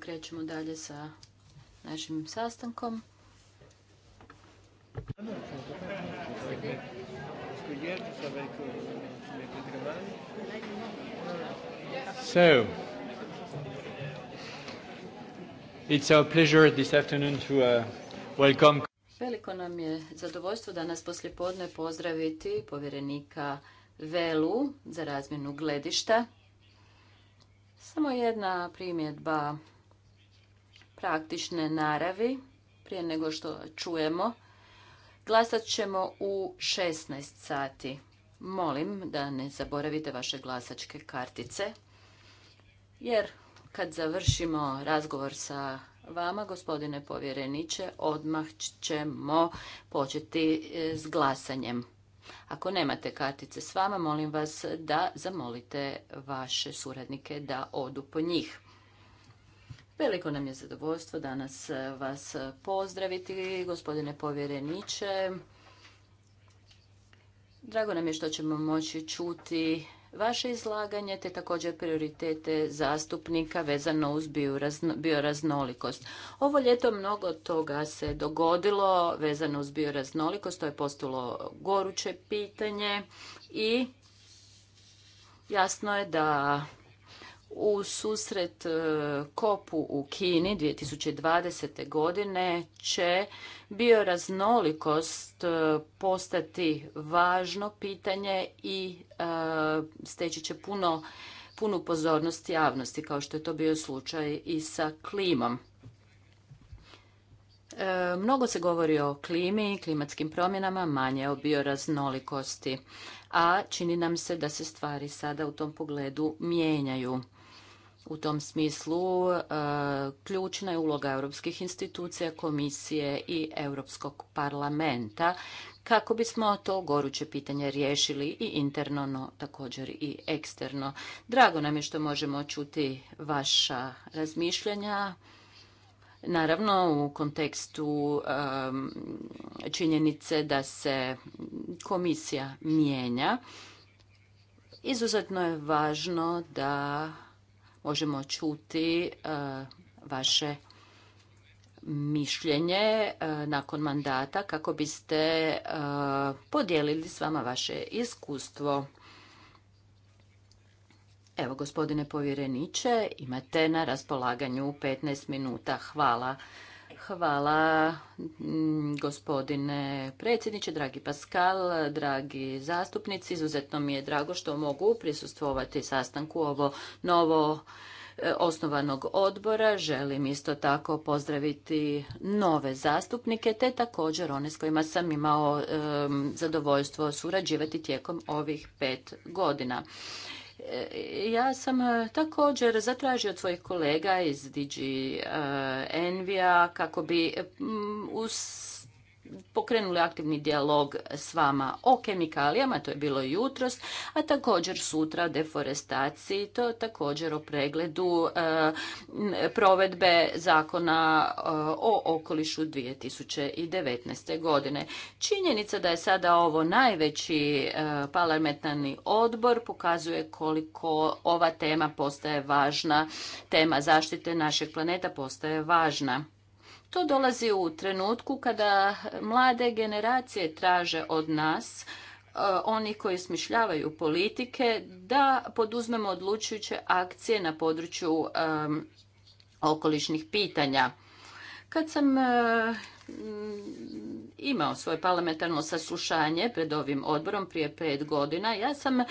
krećemo dalje sa našim sastankom. So, it's our pleasure this afternoon to uh, welcome. Veliko nam je zadovoljstvo danas poslijepodne pozdraviti povjerenika Velu za razmjenu gledišta. Samo jedna primjedba praktične naravi. Prije nego što čujemo, glasat ćemo u 16 sati. Molim da ne zaboravite vaše glasačke kartice, jer kad završimo razgovor sa vama, gospodine povjereniče, odmah ćemo početi e, s glasanjem. Ako nemate kartice s vama, molim vas da zamolite vaše suradnike da odu po njih. Veliko nam je zadovoljstvo danas e, vas e, pozdraviti, gospodine povjereniče. Drago nam je što ćemo moći čuti vaše izlaganje te također prioritete zastupnika vezano uz bioraznolikost. Ovo ljeto mnogo toga se dogodilo vezano uz bioraznolikost, to je postalo goruće pitanje i jasno je da u susret e, kopu u Kini 2020. godine će bioraznolikost e, postati važno pitanje i e, steći će puno, punu pozornost javnosti, kao što je to bio slučaj i sa klimom. Mnogo se govori o klimi, klimatskim promjenama, manje o bioraznolikosti, a čini nam se da se stvari sada u tom pogledu mijenjaju. U tom smislu e, ključna je uloga europskih institucija, komisije i Europskog parlamenta kako bismo to goruće pitanje riješili i interno, no također i eksterno. Drago nam je što možemo čuti vaša razmišljanja. Naravno, u kontekstu činjenice da se komisija mijenja, izuzetno je važno da možemo čuti e, vaše mišljenje e, nakon mandata kako biste e, podijelili s vama vaše iskustvo. Evo, gospodine povjereniče, imate na raspolaganju 15 minuta. Hvala Hvala mm, gospodine predsjedniče, dragi Pascal, dragi zastupnici. Izuzetno mi je drago što mogu prisustvovati sastanku ovo novo e, osnovanog odbora. Želim isto tako pozdraviti nove zastupnike te također one s kojima sam imao zadovoljstvo surađivati tijekom ovih pet godina ja sam e, također zatražio od svojih kolega iz DG e, Envija kako bi uz pokrenuli aktivni dijalog s vama o kemikalijama, to je bilo jutros, a također sutra o deforestaciji, to također o pregledu e, provedbe zakona e, o okolišu 2019. godine. Činjenica da je sada ovo najveći e, parlamentarni odbor pokazuje koliko ova tema postaje važna, tema zaštite našeg planeta postaje važna. To dolazi u trenutku kada mlade generacije traže od nas e, oni koji smišljavaju politike da poduzmemo odlučujuće akcije na području okolišnih pitanja. Kad sam e, imao svoje parlamentarno saslušanje pred ovim odborom prije pet godina. Ja sam e,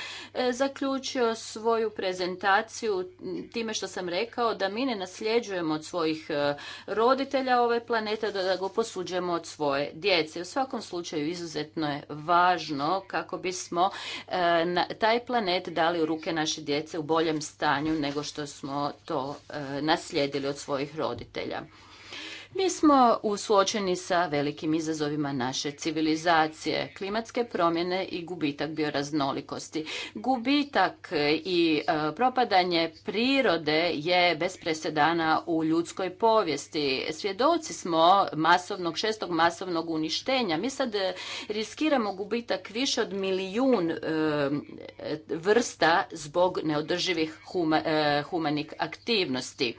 zaključio svoju prezentaciju time što sam rekao da mi ne nasljeđujemo od svojih e, roditelja ove planete, da ga posuđujemo od svoje djece. U svakom slučaju izuzetno je važno kako bismo e, taj planet dali u ruke naše djece u boljem stanju nego što smo to naslijedili od svojih roditelja. Mi smo suočeni sa velikim izazovima naše civilizacije, klimatske promjene i gubitak bioraznolikosti. Gubitak e, i e, propadanje prirode je bez presedana u ljudskoj povijesti. Svjedoci smo masovnog, šestog masovnog uništenja. Mi sad riskiramo gubitak više od milijun e, vrsta zbog neodrživih humanih aktivnosti.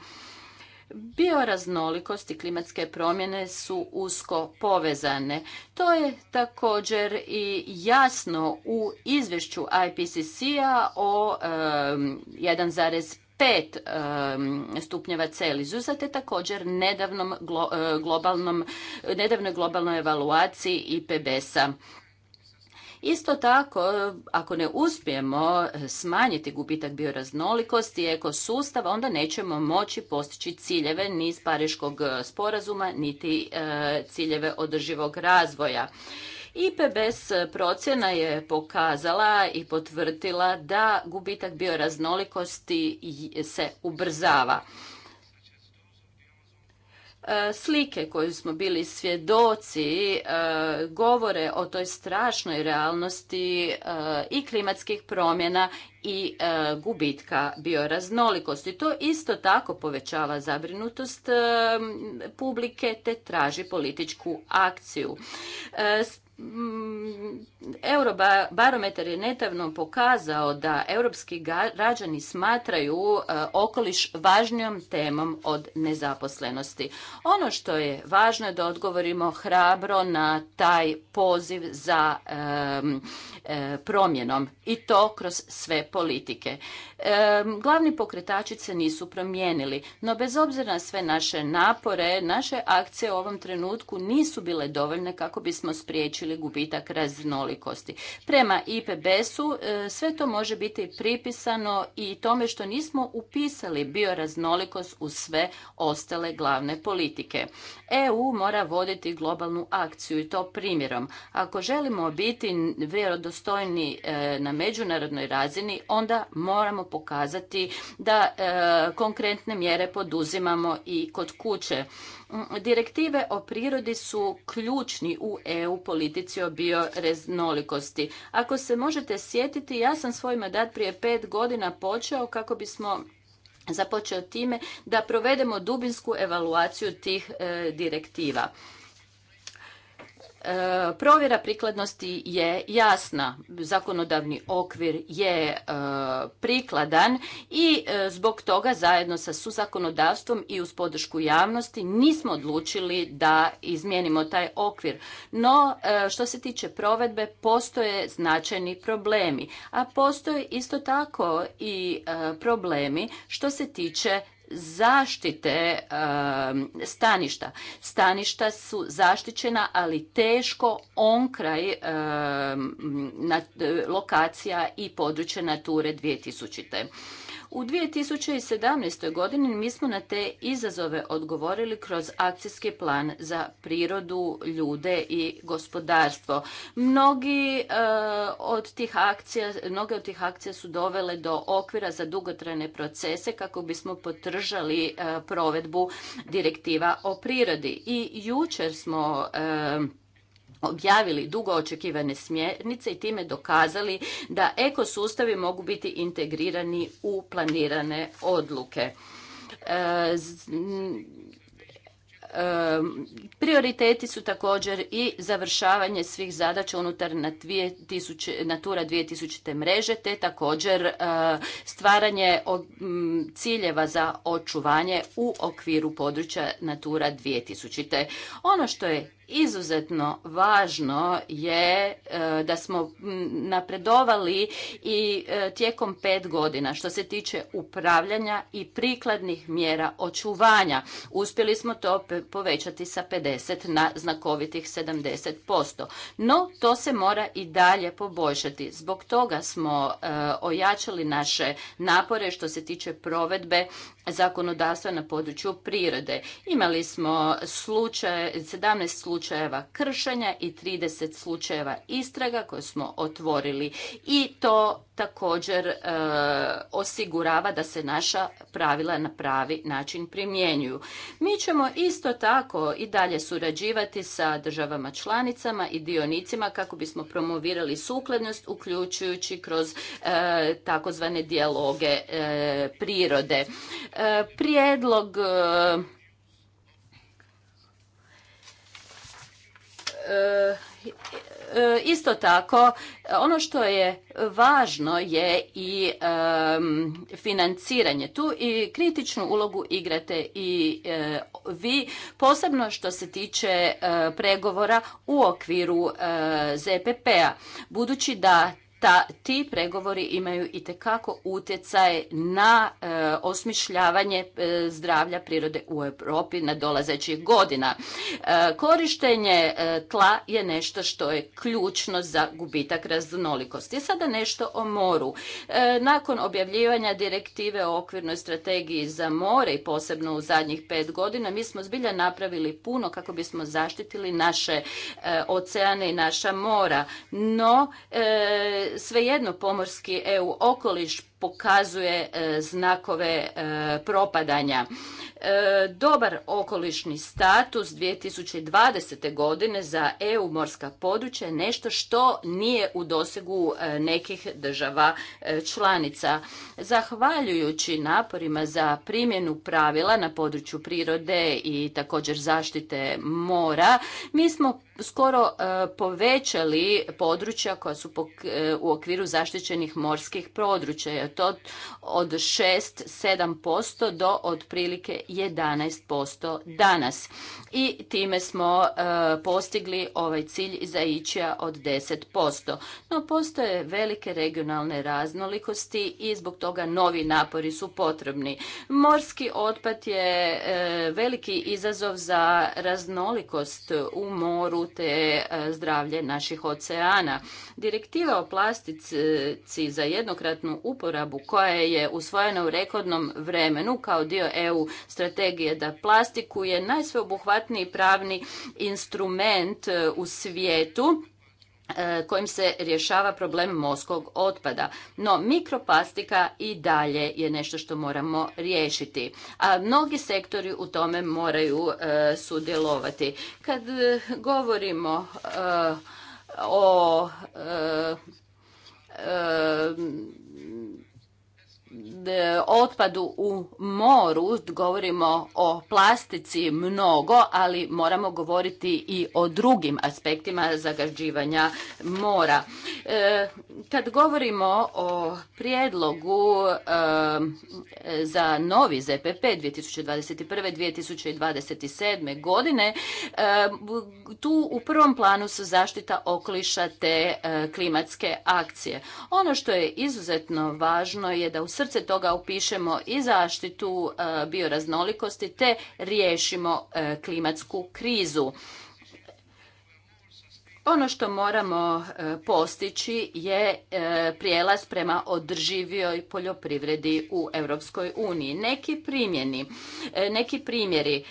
Bioraznolikost i klimatske promjene su usko povezane. To je također i jasno u izvješću IPCC-a o 1,5 pet stupnjeva celizuza te također nedavnom e, globalnom, nedavnoj globalnoj evaluaciji IPBS-a Isto tako, e, ako ne uspijemo e, smanjiti gubitak bioraznolikosti i ekosustava, onda nećemo moći postići ciljeve ni iz Pariškog e, sporazuma, niti ciljeve održivog razvoja. IPBS procjena je pokazala i potvrdila da gubitak bioraznolikosti se ubrzava. E, slike koju smo bili svjedoci e, govore o toj strašnoj realnosti e, i klimatskih promjena i gubitka bioraznolikosti. To isto tako povećava zabrinutost publike te traži političku akciju. Mm, Eurobarometar je netavno pokazao da europski građani smatraju e, okoliš važnijom temom od nezaposlenosti. Ono što je važno je da odgovorimo hrabro na taj poziv za e, promjenom i to kroz sve politike. Glavni pokretači se nisu promijenili, no bez obzira na sve naše napore, naše akcije u ovom trenutku nisu bile dovoljne kako bismo spriječili ili gubitak raznolikosti. Prema IPBS-u e, sve to može biti pripisano i tome što nismo upisali bioraznolikost u sve ostale glavne politike. EU mora voditi globalnu akciju i to primjerom. Ako želimo biti vjerodostojni e, na međunarodnoj razini, onda moramo pokazati da e, konkretne mjere poduzimamo i kod kuće. Mm, direktive o prirodi su ključni u EU politici bioreznolikosti. Ako se možete sjetiti, ja sam svoj mandat prije pet godina počeo kako bismo započeo time da provedemo dubinsku evaluaciju tih e, direktiva. E, provjera prikladnosti je jasna, zakonodavni okvir je e, prikladan i e, zbog toga zajedno sa suzakonodavstvom i uz podršku javnosti nismo odlučili da izmijenimo taj okvir. No, što se tiče provedbe, postoje značajni problemi, a postoje isto tako i problemi što se tiče zaštite staništa. Staništa su zaštićena, ali teško onkraj kraj lokacija i područje Nature 2000. U 2017. godini mi smo na te izazove odgovorili kroz akcijski plan za prirodu, ljude i gospodarstvo. Mnogi e, od tih akcija, mnoge od tih akcija su dovele do okvira za dugotrajne procese kako bismo potržali e, provedbu direktiva o prirodi. I jučer smo e, objavili dugo očekivane smjernice i time dokazali da ekosustavi mogu biti integrirani u planirane odluke. E, e, prioriteti su također i završavanje svih zadaća unutar na Natura 2000. mreže te također e, stvaranje ciljeva za očuvanje u okviru područja Natura 2000. Ono što je izuzetno važno je e, da smo napredovali i e, tijekom pet godina što se tiče upravljanja i prikladnih mjera očuvanja. Uspjeli smo to povećati sa 50 na znakovitih 70%. No, to se mora i dalje poboljšati. Zbog toga smo e, ojačali naše napore što se tiče provedbe zakonodavstva na području prirode. Imali smo slučaje, 17 slučajeva kršenja i 30 slučajeva istraga koje smo otvorili i to također e, osigurava da se naša pravila na pravi način primjenjuju. Mi ćemo isto tako i dalje surađivati sa državama članicama i dionicima kako bismo promovirali sukladnost uključujući kroz e, takozvane dijaloge e, prirode. E, prijedlog E, isto tako ono što je važno je i financiranje tu i kritičnu ulogu igrate i e, vi posebno što se tiče e, pregovora u okviru ZPP-a budući da ta, ti pregovori imaju i tekako utjecaj na e, osmišljavanje e, zdravlja prirode u Europi na dolazećih godina. E, korištenje tla je nešto što je ključno za gubitak raznolikosti. Sada nešto o moru. Nakon objavljivanja direktive o okvirnoj strategiji za more i posebno u zadnjih pet godina mi smo zbilja napravili puno kako bismo zaštitili naše oceane i naša mora. No, svejedno pomorski EU okoliš pokazuje e, znakove e, propadanja. E, dobar okolišni status 2020. godine za EU morska područja je nešto što nije u dosegu nekih država članica. Zahvaljujući naporima za primjenu pravila na području prirode i također zaštite mora, mi smo skoro povećali područja koja su u okviru zaštićenih morskih područja to od 6-7% do otprilike 11% danas. I time smo e, postigli ovaj cilj za ićija od 10%. No postoje velike regionalne raznolikosti i zbog toga novi napori su potrebni. Morski otpad je e, veliki izazov za raznolikost u moru te e, zdravlje naših oceana. Direktiva o plastici za jednokratnu uporabu uporabu koja je usvojena u rekordnom vremenu kao dio EU strategije da plastiku je najsveobuhvatniji pravni instrument e, u svijetu e, kojim se rješava problem morskog otpada. No, mikroplastika i dalje je nešto što moramo riješiti, a mnogi sektori u tome moraju e, sudjelovati. Kad govorimo o E, otpadu u moru, govorimo o plastici mnogo, ali moramo govoriti i o drugim aspektima zagađivanja mora. E, kad govorimo o prijedlogu e, za novi ZPP 2021-2027 godine, tu u prvom planu su zaštita okoliša te klimatske akcije. Ono što je izuzetno važno je da u srce toga upišemo i zaštitu e, bioraznolikosti te riješimo e, klimatsku krizu. Ono što moramo e, postići je e, prijelaz prema održivijoj poljoprivredi u Europskoj uniji. Neki primjeni, e, neki primjeri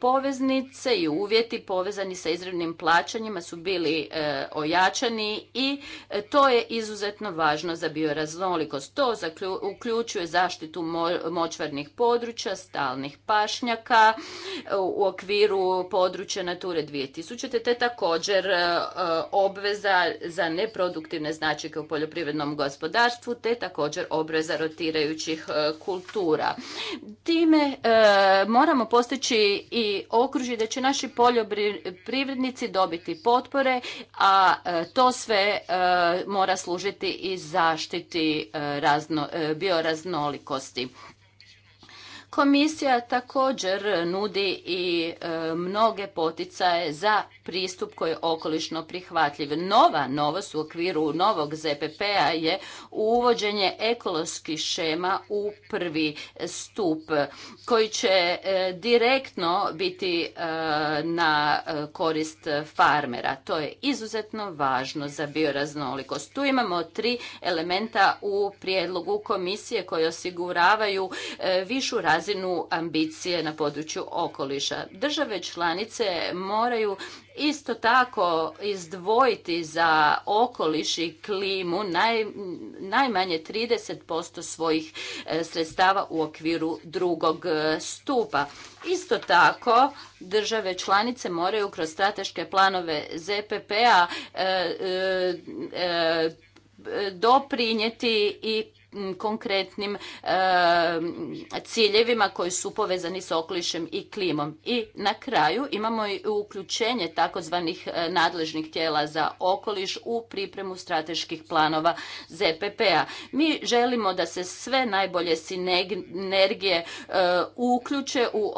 poveznice i uvjeti povezani sa izravnim plaćanjima su bili ojačani i to je izuzetno važno za bioraznolikost. To uključuje zaštitu močvarnih područja, stalnih pašnjaka u okviru područja Nature 2000 te također E, obveza za neproduktivne značajke u poljoprivrednom gospodarstvu te također obveza rotirajućih e, kultura. Time e, moramo postići i okružje da će naši poljoprivrednici dobiti potpore, a to sve mora služiti i zaštiti bioraznolikosti. Komisija također nudi i e, mnoge poticaje za pristup koji je okolišno prihvatljiv. Nova novost u okviru novog ZPP-a je uvođenje ekoloških šema u prvi stup koji će e, direktno biti e, na korist farmera. To je izuzetno važno za bioraznolikost. Tu imamo tri elementa u prijedlogu komisije koje osiguravaju višu razinu razinu ambicije na području okoliša. Države članice moraju isto tako izdvojiti za okoliš i klimu naj, najmanje 30% svojih e, sredstava u okviru drugog e, stupa. Isto tako, države članice moraju kroz strateške planove ZPP-a e, doprinijeti i konkretnim e, ciljevima koji su povezani s okolišem i klimom. I na kraju imamo i uključenje takozvanih e, nadležnih tijela za okoliš u pripremu strateških planova ZPP-a. Mi želimo da se sve najbolje sinergije e, uključe u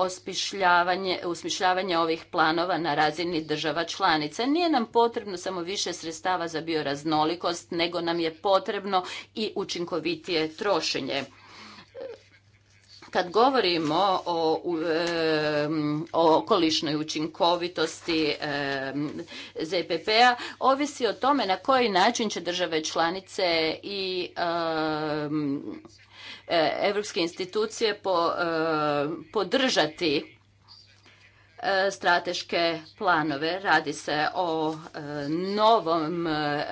osmišljavanje ovih planova na razini država članica. Nije nam potrebno samo više sredstava za bioraznolikost, nego nam je potrebno i učinkovitije je trošenje kad govorimo o, o okolišnoj učinkovitosti ZPP-a, ovisi o tome na koji način će države članice i europske e, institucije po, podržati E, strateške planove. Radi se o e,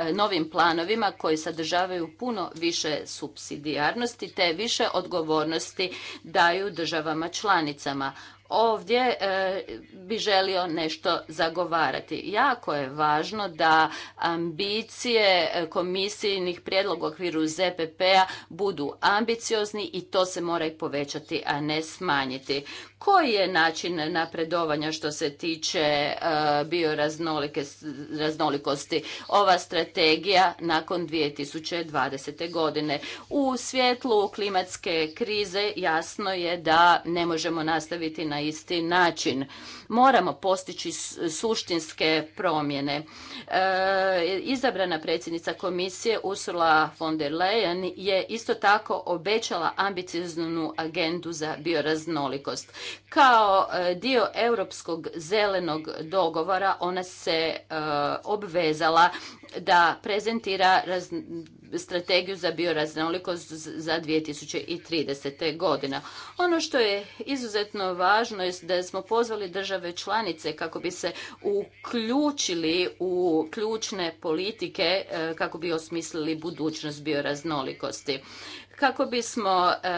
e, novim planovima koji sadržavaju puno više subsidijarnosti te više odgovornosti daju državama članicama ovdje e, bi želio nešto zagovarati. Jako je važno da ambicije e, komisijnih prijedloga u okviru ZPP-a budu ambiciozni i to se mora i povećati, a ne smanjiti. Koji je način napredovanja što se tiče e, bioraznolikosti ova strategija nakon 2020. godine? U svjetlu klimatske krize jasno je da ne možemo nastaviti na na isti način. Moramo postići suštinske promjene. E, izabrana predsjednica komisije Ursula von der Leyen je isto tako obećala ambicioznu agendu za bioraznolikost. Kao e, dio europskog zelenog dogovora ona se e, obvezala da prezentira raz, strategiju za bioraznolikost za 2030. godina. Ono što je izuzetno važno je da smo pozvali države članice kako bi se uključili u ključne politike e, kako bi osmislili budućnost bioraznolikosti kako bismo e,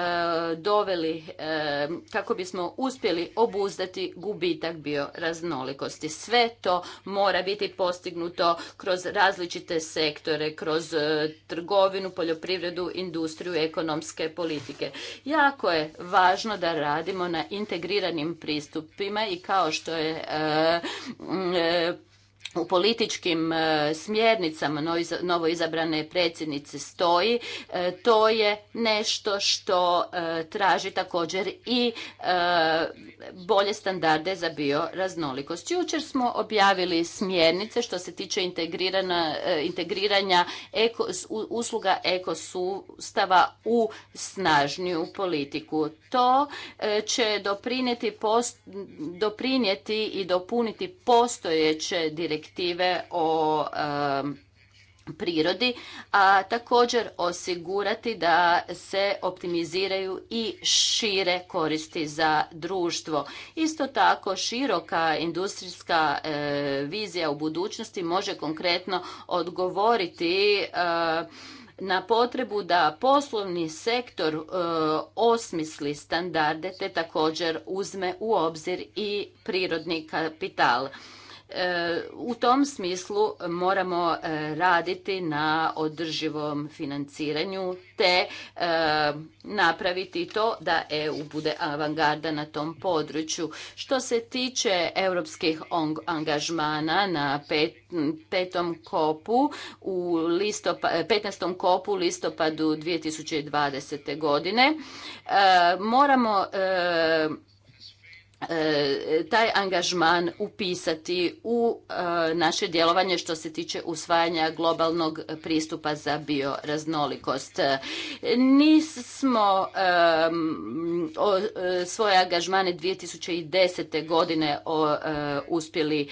doveli, e, kako bismo uspjeli obuzdati gubitak bioraznolikosti. Sve to mora biti postignuto kroz različite sektore, kroz e, trgovinu, poljoprivredu, industriju, ekonomske politike. Jako je važno da radimo na integriranim pristupima i kao što je u političkim e, smjernicama novoizabrane predsjednice stoji, e, to je nešto što e, traži također i bolje standarde za bioraznolikost. Jučer smo objavili smjernice što se tiče integriranja eko, usluga ekosustava u snažniju politiku. To će doprinijeti, doprinijeti i dopuniti postojeće direktive direktive o prirodi, a također osigurati da se optimiziraju i šire koristi za društvo. Isto tako široka industrijska e, vizija u budućnosti može konkretno odgovoriti e, na potrebu da poslovni sektor e, osmisli standarde te također uzme u obzir i prirodni kapital. E, u tom smislu moramo e, raditi na održivom financiranju te e, napraviti to da EU bude avangarda na tom području. Što se tiče europskih angažmana na petom kopu u 15. kopu u listopadu 2020. godine moramo E, taj angažman upisati u e, naše djelovanje što se tiče usvajanja globalnog pristupa za bioraznolikost. E, nismo svoje angažmane 2010. godine uspjeli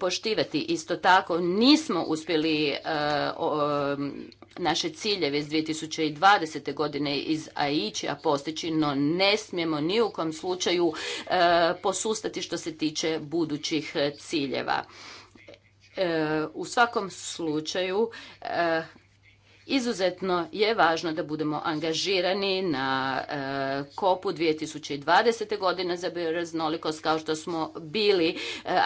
poštivati. Isto tako nismo uspjeli naše ciljeve iz 2020. godine iz a postići, no ne smijemo ni u kom slučaju e, posustati što se tiče budućih e, ciljeva. E, u svakom slučaju e, Izuzetno je važno da budemo angažirani na kopu e, 2020. godine za bioraznolikost kao što smo bili e,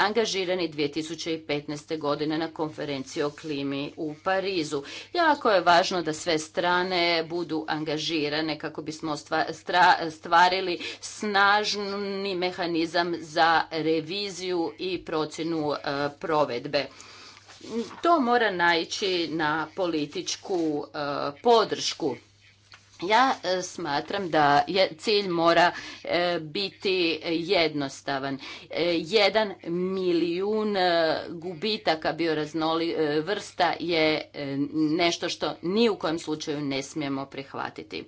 angažirani 2015. godine na konferenciji o klimi u Parizu. Jako je važno da sve strane budu angažirane kako bismo stvarili snažni mehanizam za reviziju i procjenu e, provedbe to mora naići na političku e, podršku. Ja e, smatram da je, cilj mora e, biti jednostavan. Jedan milijun gubitaka bioraznoli vrsta je nešto što ni u kojem slučaju ne smijemo prihvatiti.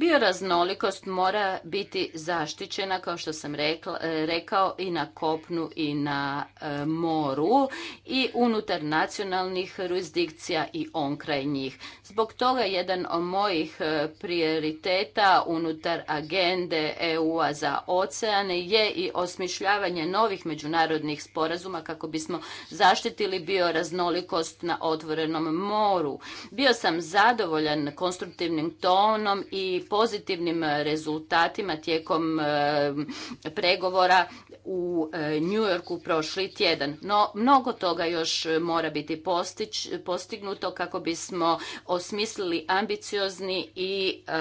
Bioraznolikost mora biti zaštićena, kao što sam rekla, e, rekao, i na kopnu i na e, moru i unutar nacionalnih jurisdikcija i onkraj njih. Zbog toga jedan od mojih e, prioriteta unutar agende EU-a za oceane je i osmišljavanje novih međunarodnih sporazuma kako bismo zaštitili bioraznolikost na otvorenom moru. Bio sam zadovoljan konstruktivnim tonom i pozitivnim e, rezultatima tijekom e, pregovora u e, New Yorku prošli tjedan. No, mnogo toga još e, mora biti postić, postignuto kako bismo osmislili ambiciozni i e,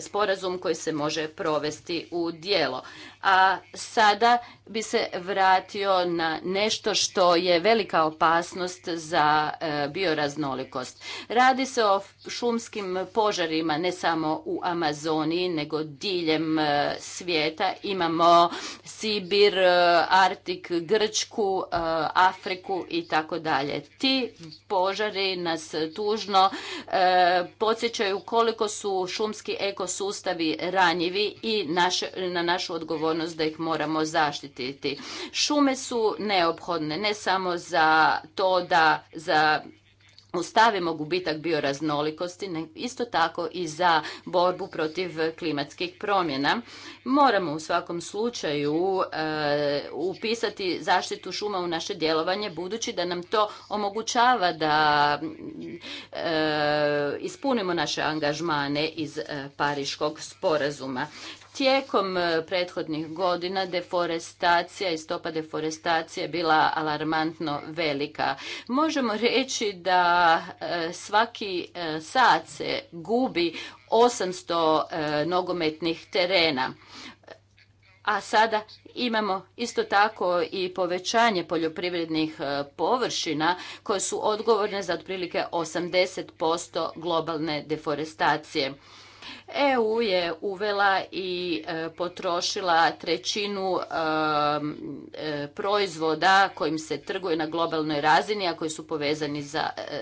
sporazum koji se može provesti u djelo. A sada bi se vratio na nešto što je velika opasnost za bioraznolikost. Radi se o šumskim požarima ne samo u Amazoniji, nego diljem svijeta. Imamo Sibir, e, Artik, Grčku, e, Afriku i tako dalje. Ti požari nas tužno e, podsjećaju koliko su šumski ekosustavi ranjivi i na našu odgovornost da ih moramo zaštititi. Šume su neophodne ne samo za to da za Ustavimo gubitak bioraznolikosti, isto tako i za borbu protiv klimatskih promjena. Moramo u svakom slučaju e, upisati zaštitu šuma u naše djelovanje budući da nam to omogućava da e, ispunimo naše angažmane iz e, Pariškog sporazuma. Tijekom e, prethodnih godina deforestacija i stopa deforestacije je bila alarmantno velika. Možemo reći da e, svaki e, sat se gubi 800 nogometnih terena. A sada imamo isto tako i povećanje poljoprivrednih površina koje su odgovorne za otprilike 80% globalne deforestacije. EU je uvela i e, potrošila trećinu e, e, proizvoda kojim se trguje na globalnoj razini, a koji su povezani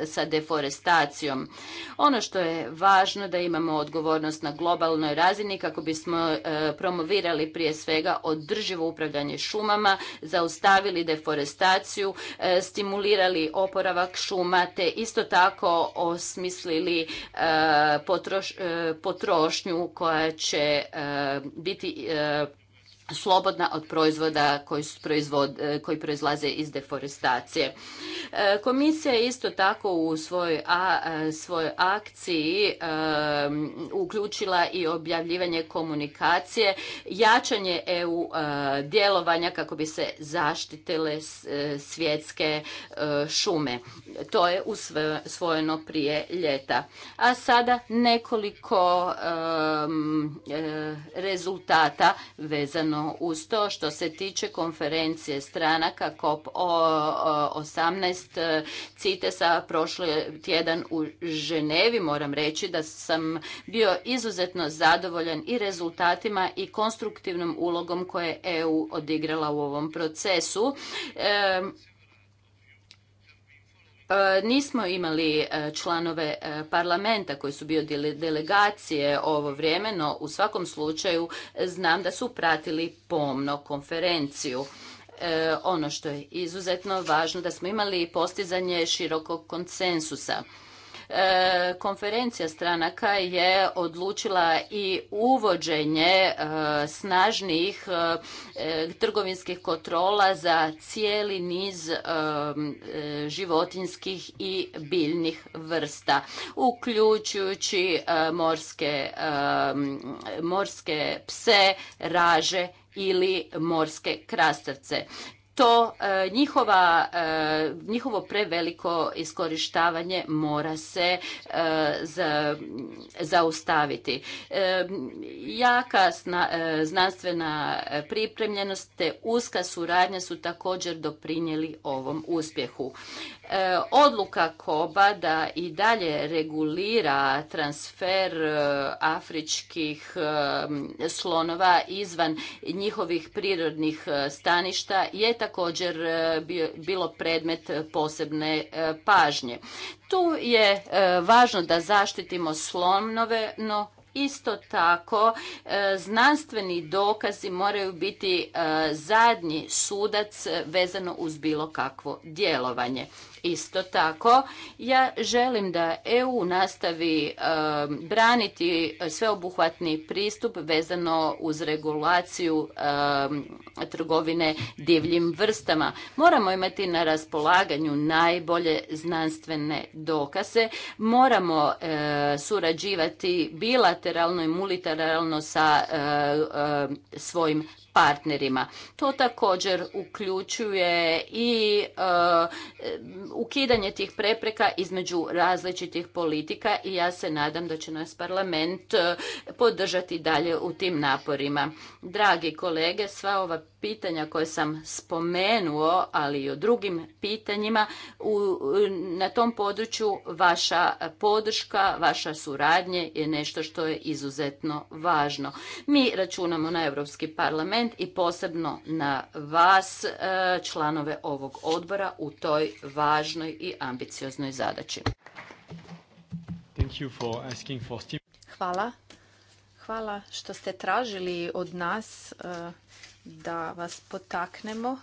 sa deforestacijom. Ono što je važno da imamo odgovornost na globalnoj razini kako bismo promovirali prije svega održivo upravljanje šumama, zaustavili deforestaciju, stimulirali oporavak šuma te isto tako osmislili trošnju koja će e, biti e, slobodna od proizvoda koji, e, proizlaze iz deforestacije. E, komisija je isto tako u svojoj, e, akciji uključila i objavljivanje komunikacije, jačanje EU djelovanja kako bi se zaštitile svjetske šume. To je usvojeno prije ljeta. A sada nekoliko rezultata vezano uz to što se tiče konferencije stranaka COP18 e, CITES-a prošli tjedan u Ženevi. Moram reći da sam bio izuzetno zadovoljan i rezultatima i konstruktivnom ulogom koje je EU odigrala u ovom procesu. E, E, nismo imali e, članove e, parlamenta koji su bio delegacije ovo vrijeme, no u svakom slučaju znam da su pratili pomno konferenciju. ono što je izuzetno važno da smo imali postizanje širokog konsensusa. E, konferencija stranaka je odlučila i uvođenje e, snažnih e, trgovinskih kontrola za cijeli niz životinskih i biljnih vrsta, uključujući morske, morske pse, raže ili morske krastavce to e, njihova, e, njihovo preveliko iskorištavanje mora se e, zaustaviti. Jaka znanstvena pripremljenost te uska suradnja su također doprinijeli ovom uspjehu. Odluka Koba da i dalje regulira transfer afričkih slonova izvan njihovih prirodnih staništa je također e, bilo predmet posebne e, pažnje. Tu je e, važno da zaštitimo slomnove, no Isto tako, znanstveni dokazi moraju biti zadnji sudac vezano uz bilo kakvo djelovanje. Isto tako, ja želim da EU nastavi um, braniti sveobuhvatni pristup vezano uz regulaciju um, trgovine divljim vrstama. Moramo imati na raspolaganju najbolje znanstvene dokaze, moramo uh, surađivati bilateralno i multilateralno sa uh, uh, svojim partnerima. To također uključuje i eh, ukidanje tih prepreka između različitih politika i ja se nadam da će nas parlament eh, podržati dalje u tim naporima. Dragi kolege, sva ova pitanja koje sam spomenuo, ali i o drugim pitanjima, u, na tom području vaša podrška, vaša suradnje je nešto što je izuzetno važno. Mi računamo na Europski parlament i posebno na vas, e, članove ovog odbora, u toj važnoj i ambicioznoj zadaći. Hvala. Hvala što ste tražili od nas e, da vas potaknemo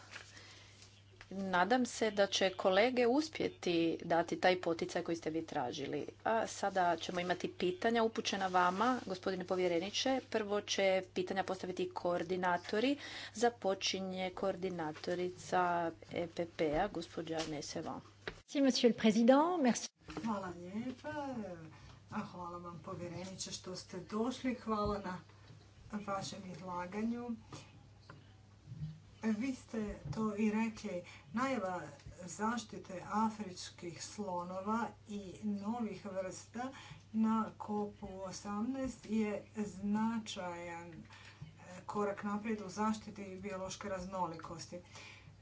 Nadam se da će kolege uspjeti dati taj poticaj koji ste vi tražili. A sada ćemo imati pitanja upućena vama, gospodine povjereniče. Prvo će pitanja postaviti koordinatori. Započinje koordinatorica EPP-a, gospođa Neseva. Hvala A hvala vam povjereniče što ste došli. Hvala na vašem izlaganju. E, vi ste to i rekli. Najava zaštite afričkih slonova i novih vrsta na kopu 18 je značajan e, korak naprijed u zaštiti biološke raznolikosti.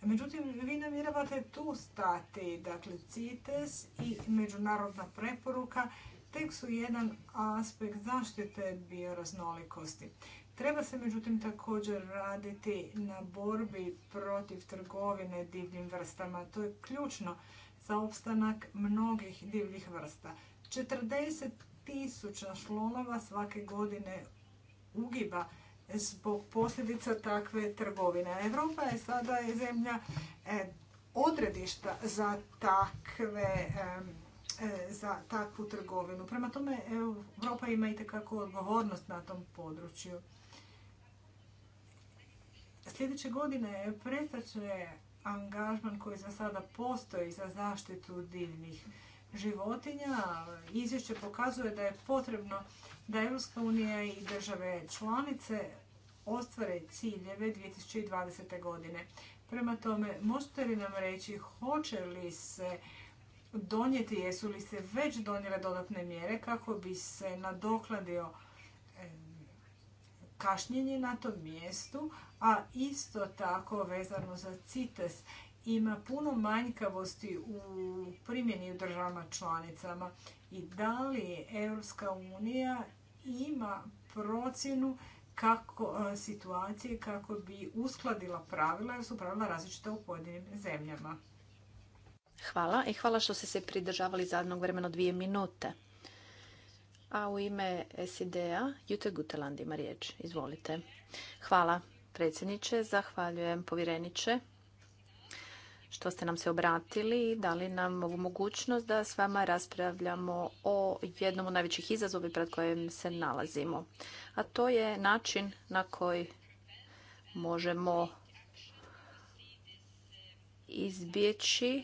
Međutim, vi namjeravate tu stati, dakle CITES i međunarodna preporuka tek su jedan aspekt zaštite bioraznolikosti. Treba se međutim također raditi na borbi protiv trgovine divljim vrstama. To je ključno za opstanak mnogih divljih vrsta. 40 tisuća šlonova svake godine ugiba zbog posljedica takve trgovine. Europa je sada zemlja e, odredišta za takve E, za takvu trgovinu. Prema tome, Europa ima i odgovornost na tom području. Sljedeće godine prestaće angažman koji za sada postoji za zaštitu divnih životinja. Izvješće pokazuje da je potrebno da unija i države članice ostvare ciljeve 2020. godine. Prema tome, možete li nam reći hoće li se donijeti, jesu li se već donijele dodatne mjere kako bi se nadokladio kašnjenje na tom mjestu, a isto tako vezano za CITES ima puno manjkavosti u primjeni u državama članicama i da li Europska unija ima procjenu kako, e, situacije kako bi uskladila pravila jer su pravila različita u pojedinim zemljama. Hvala i hvala što ste se pridržavali zadnog vremena dvije minute. A u ime SID-a Jute Guteland ima riječ. Izvolite. Hvala predsjedniče, zahvaljujem povjereniče što ste nam se obratili i dali nam ovu mogućnost da s vama raspravljamo o jednom od najvećih izazova pred kojim se nalazimo. A to je način na koji možemo izbjeći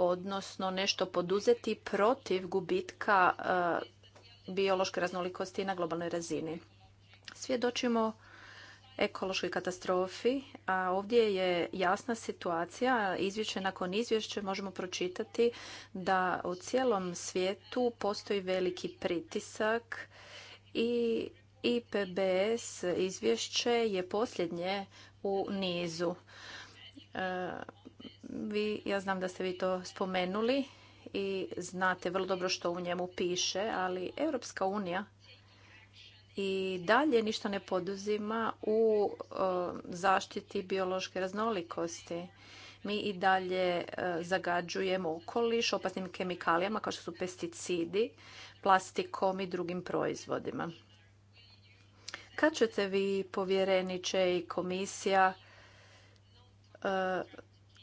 odnosno nešto poduzeti protiv gubitka e, biološke raznolikosti na globalnoj razini. Svjedočimo ekološkoj katastrofi, a ovdje je jasna situacija, izvješće nakon izvješće možemo pročitati da u cijelom svijetu postoji veliki pritisak i IPBS izvješće je posljednje u nizu. E, vi, ja znam da ste vi to spomenuli i znate vrlo dobro što u njemu piše, ali Europska unija i dalje ništa ne poduzima u e, zaštiti biološke raznolikosti. Mi i dalje e, zagađujemo okoliš opasnim kemikalijama kao što su pesticidi, plastikom i drugim proizvodima. Kad ćete vi, povjereniče i komisija, e,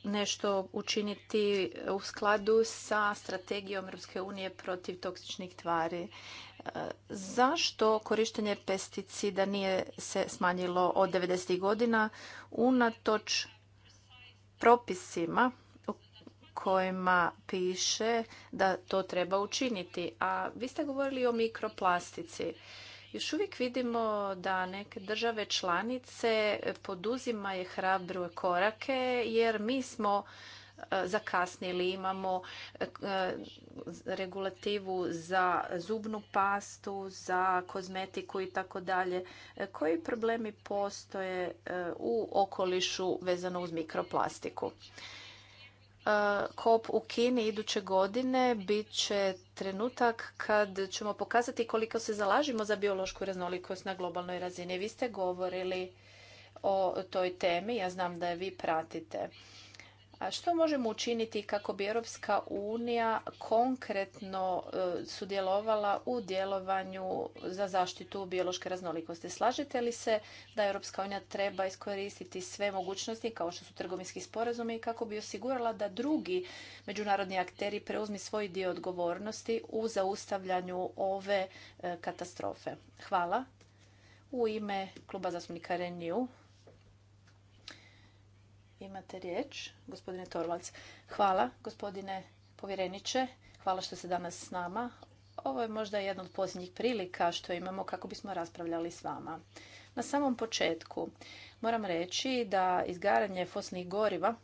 nešto učiniti u skladu sa strategijom Europske unije protiv toksičnih tvari. E, zašto korištenje pesticida nije se smanjilo od 90. godina unatoč propisima kojima piše da to treba učiniti? A vi ste govorili o mikroplastici. Još uvijek vidimo da neke države članice poduzimaju hrabru korake jer mi smo e, zakasnili, imamo e, regulativu za zubnu pastu, za kozmetiku i tako dalje. E, koji problemi postoje u okolišu vezano uz mikroplastiku? E, Kop u Kini iduće godine bit će trenutak kad ćemo pokazati koliko se zalažimo za biološku raznolikost na globalnoj razini. Vi ste govorili o toj temi, ja znam da je vi pratite. A što možemo učiniti kako bi Europska unija konkretno e, sudjelovala u djelovanju za zaštitu biološke raznolikosti? Slažete li se da Europska unija treba iskoristiti sve mogućnosti kao što su trgovinski sporazumi kako bi osigurala da drugi međunarodni akteri preuzmi svoj dio odgovornosti u zaustavljanju ove e, katastrofe? Hvala. U ime kluba zastupnika Renew Imate riječ, gospodine Torvalds. Hvala, gospodine povjereniče. Hvala što ste danas s nama. Ovo je možda jedna od posljednjih prilika što imamo kako bismo raspravljali s vama. Na samom početku moram reći da izgaranje fosnih goriva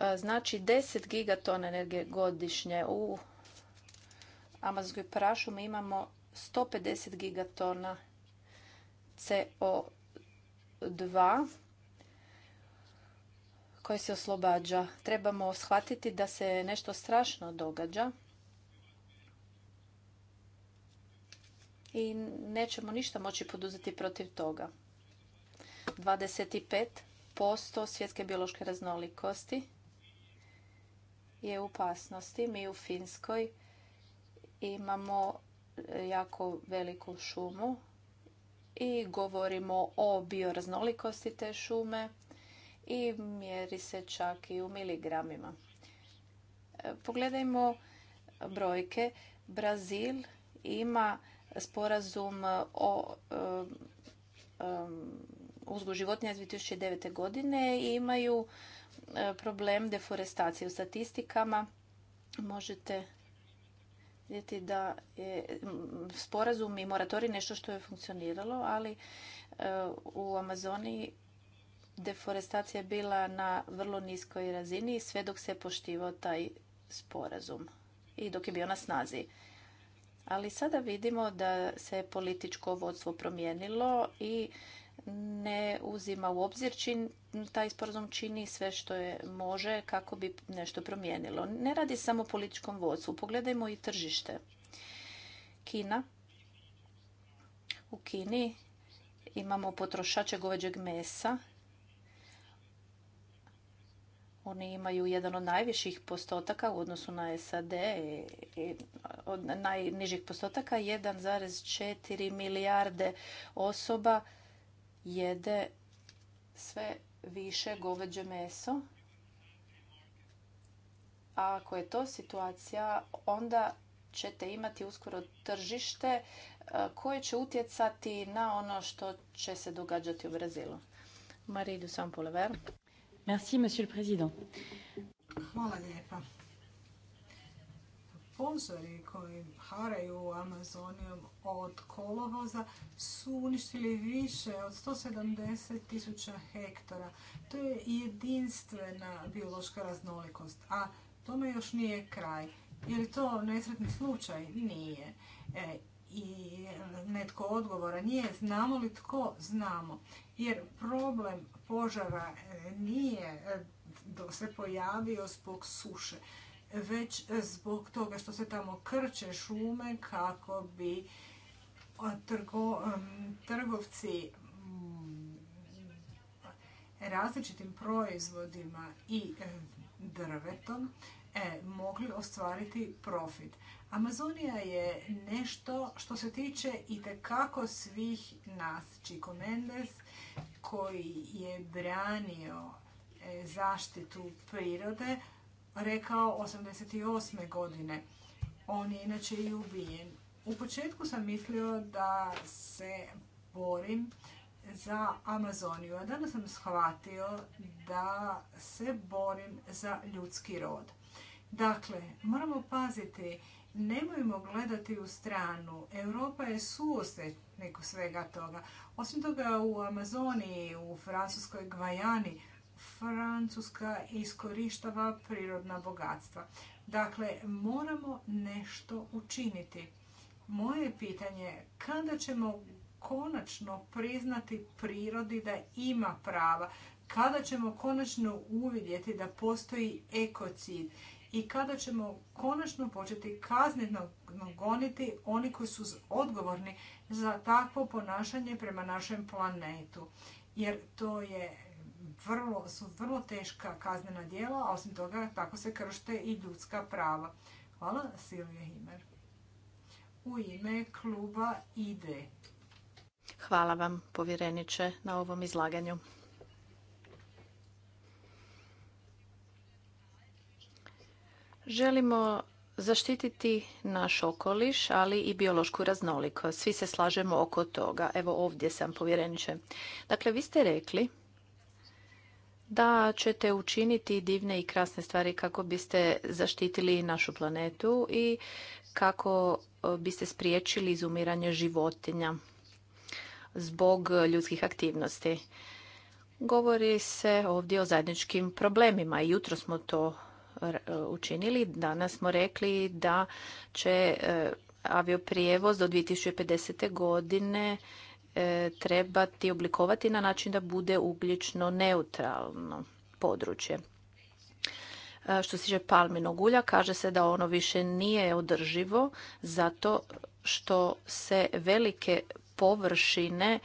e, znači 10 gigatona energije godišnje. U Amazonskoj prašu mi imamo 150 gigatona CO2 koje se oslobađa. Trebamo shvatiti da se nešto strašno događa i nećemo ništa moći poduzeti protiv toga. 25% svjetske biološke raznolikosti je u opasnosti. Mi u Finskoj imamo jako veliku šumu i govorimo o bioraznolikosti te šume i mjeri se čak i u miligramima. E, pogledajmo brojke. Brazil ima sporazum o e, e, uzgoju životinja iz 2009. godine i imaju problem deforestacije. U statistikama možete vidjeti da je sporazum i moratorij nešto što je funkcioniralo, ali e, u Amazoniji deforestacija je bila na vrlo niskoj razini sve dok se poštivao taj sporazum i dok je bio na snazi. Ali sada vidimo da se političko vodstvo promijenilo i ne uzima u obzir, čin, taj sporazum čini sve što je može kako bi nešto promijenilo. Ne radi samo o političkom vodstvu, pogledajmo i tržište. Kina. U Kini imamo potrošače goveđeg mesa. Oni imaju jedan od najviših postotaka u odnosu na SAD, od najnižih postotaka 1,4 milijarde osoba jede sve više goveđe meso. A ako je to situacija, onda ćete imati uskoro tržište e, koje će utjecati na ono što će se događati u Brazilu. Marie du Sampolever. Merci, monsieur le président. Hvala lijepa. Sponsori koji haraju Amazonijom od kolovoza su uništili više od 170 tisuća hektara. To je jedinstvena biološka raznolikost, a tome još nije kraj. Je li to nesretni slučaj? Nije. E, I netko odgovora nije. Znamo li tko? Znamo. Jer problem požara e, nije e, se pojavio zbog suše već zbog toga što se tamo krče šume kako bi trgovci mm, različitim proizvodima i drvetom e, mogli ostvariti profit. Amazonija je nešto što se tiče i tekako svih nas. Chico Mendes koji je branio e, zaštitu prirode, rekao 88. godine. On je inače i ubijen. U početku sam mislio da se borim za Amazoniju, a danas sam shvatio da se borim za ljudski rod. Dakle, moramo paziti, nemojmo gledati u stranu. Europa je suosjetnik svega toga. Osim toga u Amazoniji, u Francuskoj Gvajani, Francuska iskorištava prirodna bogatstva. Dakle, moramo nešto učiniti. Moje pitanje je kada ćemo konačno priznati prirodi da ima prava, kada ćemo konačno uvidjeti da postoji ekocid i kada ćemo konačno početi kazneno goniti oni koji su odgovorni za takvo ponašanje prema našem planetu. Jer to je vrlo, su vrlo teška kaznena djela, a osim toga tako se kršte i ljudska prava. Hvala Silvija Himer. U ime kluba IDE. Hvala vam, povjereniče, na ovom izlaganju. Želimo zaštititi naš okoliš, ali i biološku raznolikost. Svi se slažemo oko toga. Evo ovdje sam, povjereniče. Dakle, vi ste rekli da ćete učiniti divne i krasne stvari kako biste zaštitili našu planetu i kako e, biste spriječili izumiranje životinja zbog ljudskih aktivnosti. Govori se ovdje o zajedničkim problemima i jutro smo to e, učinili. Danas smo rekli da će e, avioprijevoz do 2050. godine E, trebati oblikovati na način da bude ugljično neutralno područje. E, što se tiče palminog ulja, kaže se da ono više nije održivo zato što se velike površine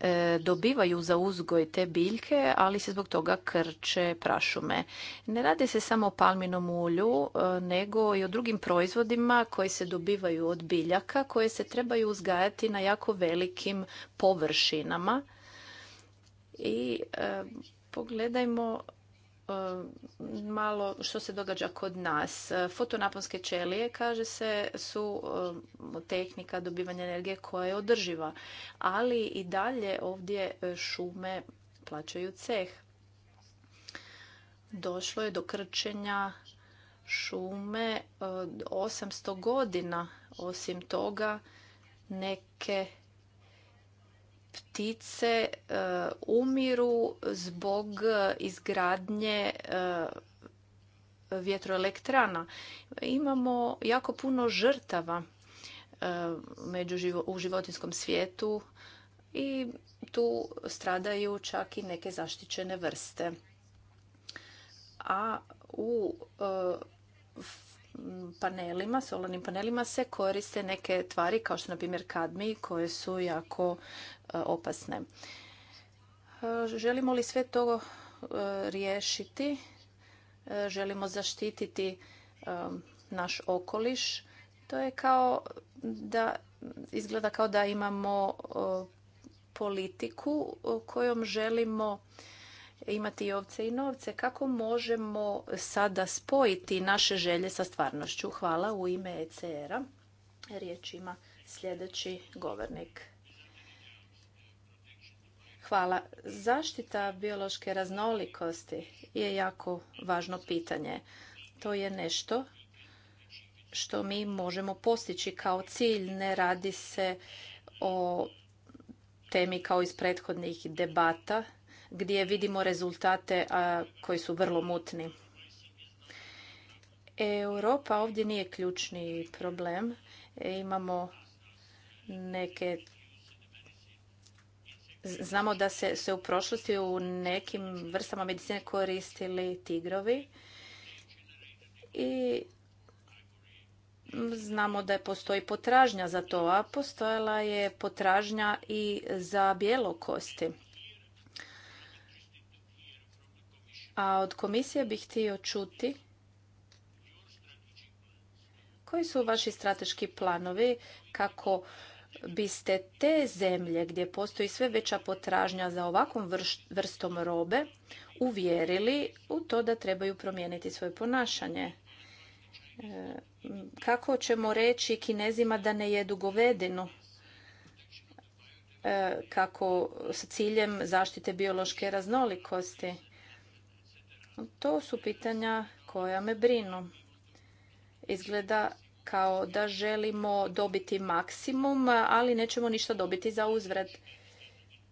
E, dobivaju za uzgoj te biljke, ali se zbog toga krče prašume. Ne radi se samo o palminom ulju, e, nego i o drugim proizvodima koji se dobivaju od biljaka, koje se trebaju uzgajati na jako velikim površinama. I e, pogledajmo E, malo što se događa kod nas. E, fotonaponske čelije, kaže se, su e, tehnika dobivanja energije koja je održiva, ali i dalje ovdje šume plaćaju ceh. Došlo je do krčenja šume 800 godina. Osim toga, neke ptice e, umiru zbog izgradnje e, vjetroelektrana. Imamo jako puno žrtava e, u životinskom svijetu i tu stradaju čak i neke zaštićene vrste. A u panelima, solarnim panelima se koriste neke tvari kao što na primjer kadmi koje su jako E, opasne. E, želimo li sve to e, riješiti? Želimo zaštititi naš okoliš? To je kao da izgleda kao da imamo politiku kojom želimo imati i ovce i novce. Kako možemo sada spojiti naše želje sa stvarnošću? Hvala u ime ECR-a. Riječ ima sljedeći govornik. Hvala. Zaštita biološke raznolikosti je jako važno pitanje. To je nešto što mi možemo postići kao cilj. Ne radi se o temi kao iz prethodnih debata gdje vidimo rezultate koji su vrlo mutni. Europa ovdje nije ključni problem. E, imamo neke Znamo da se, se u prošlosti u nekim vrstama medicine koristili tigrovi i znamo da je postoji potražnja za to, a postojala je potražnja i za bjelokosti. A od komisije bih htio čuti koji su vaši strateški planovi kako biste te zemlje gdje postoji sve veća potražnja za ovakvom vrstom robe uvjerili u to da trebaju promijeniti svoje ponašanje? E, kako ćemo reći kinezima da ne jedu govedinu? E, kako s ciljem zaštite biološke raznolikosti? To su pitanja koja me brinu. Izgleda kao da želimo dobiti maksimum, ali nećemo ništa dobiti za uzvrat.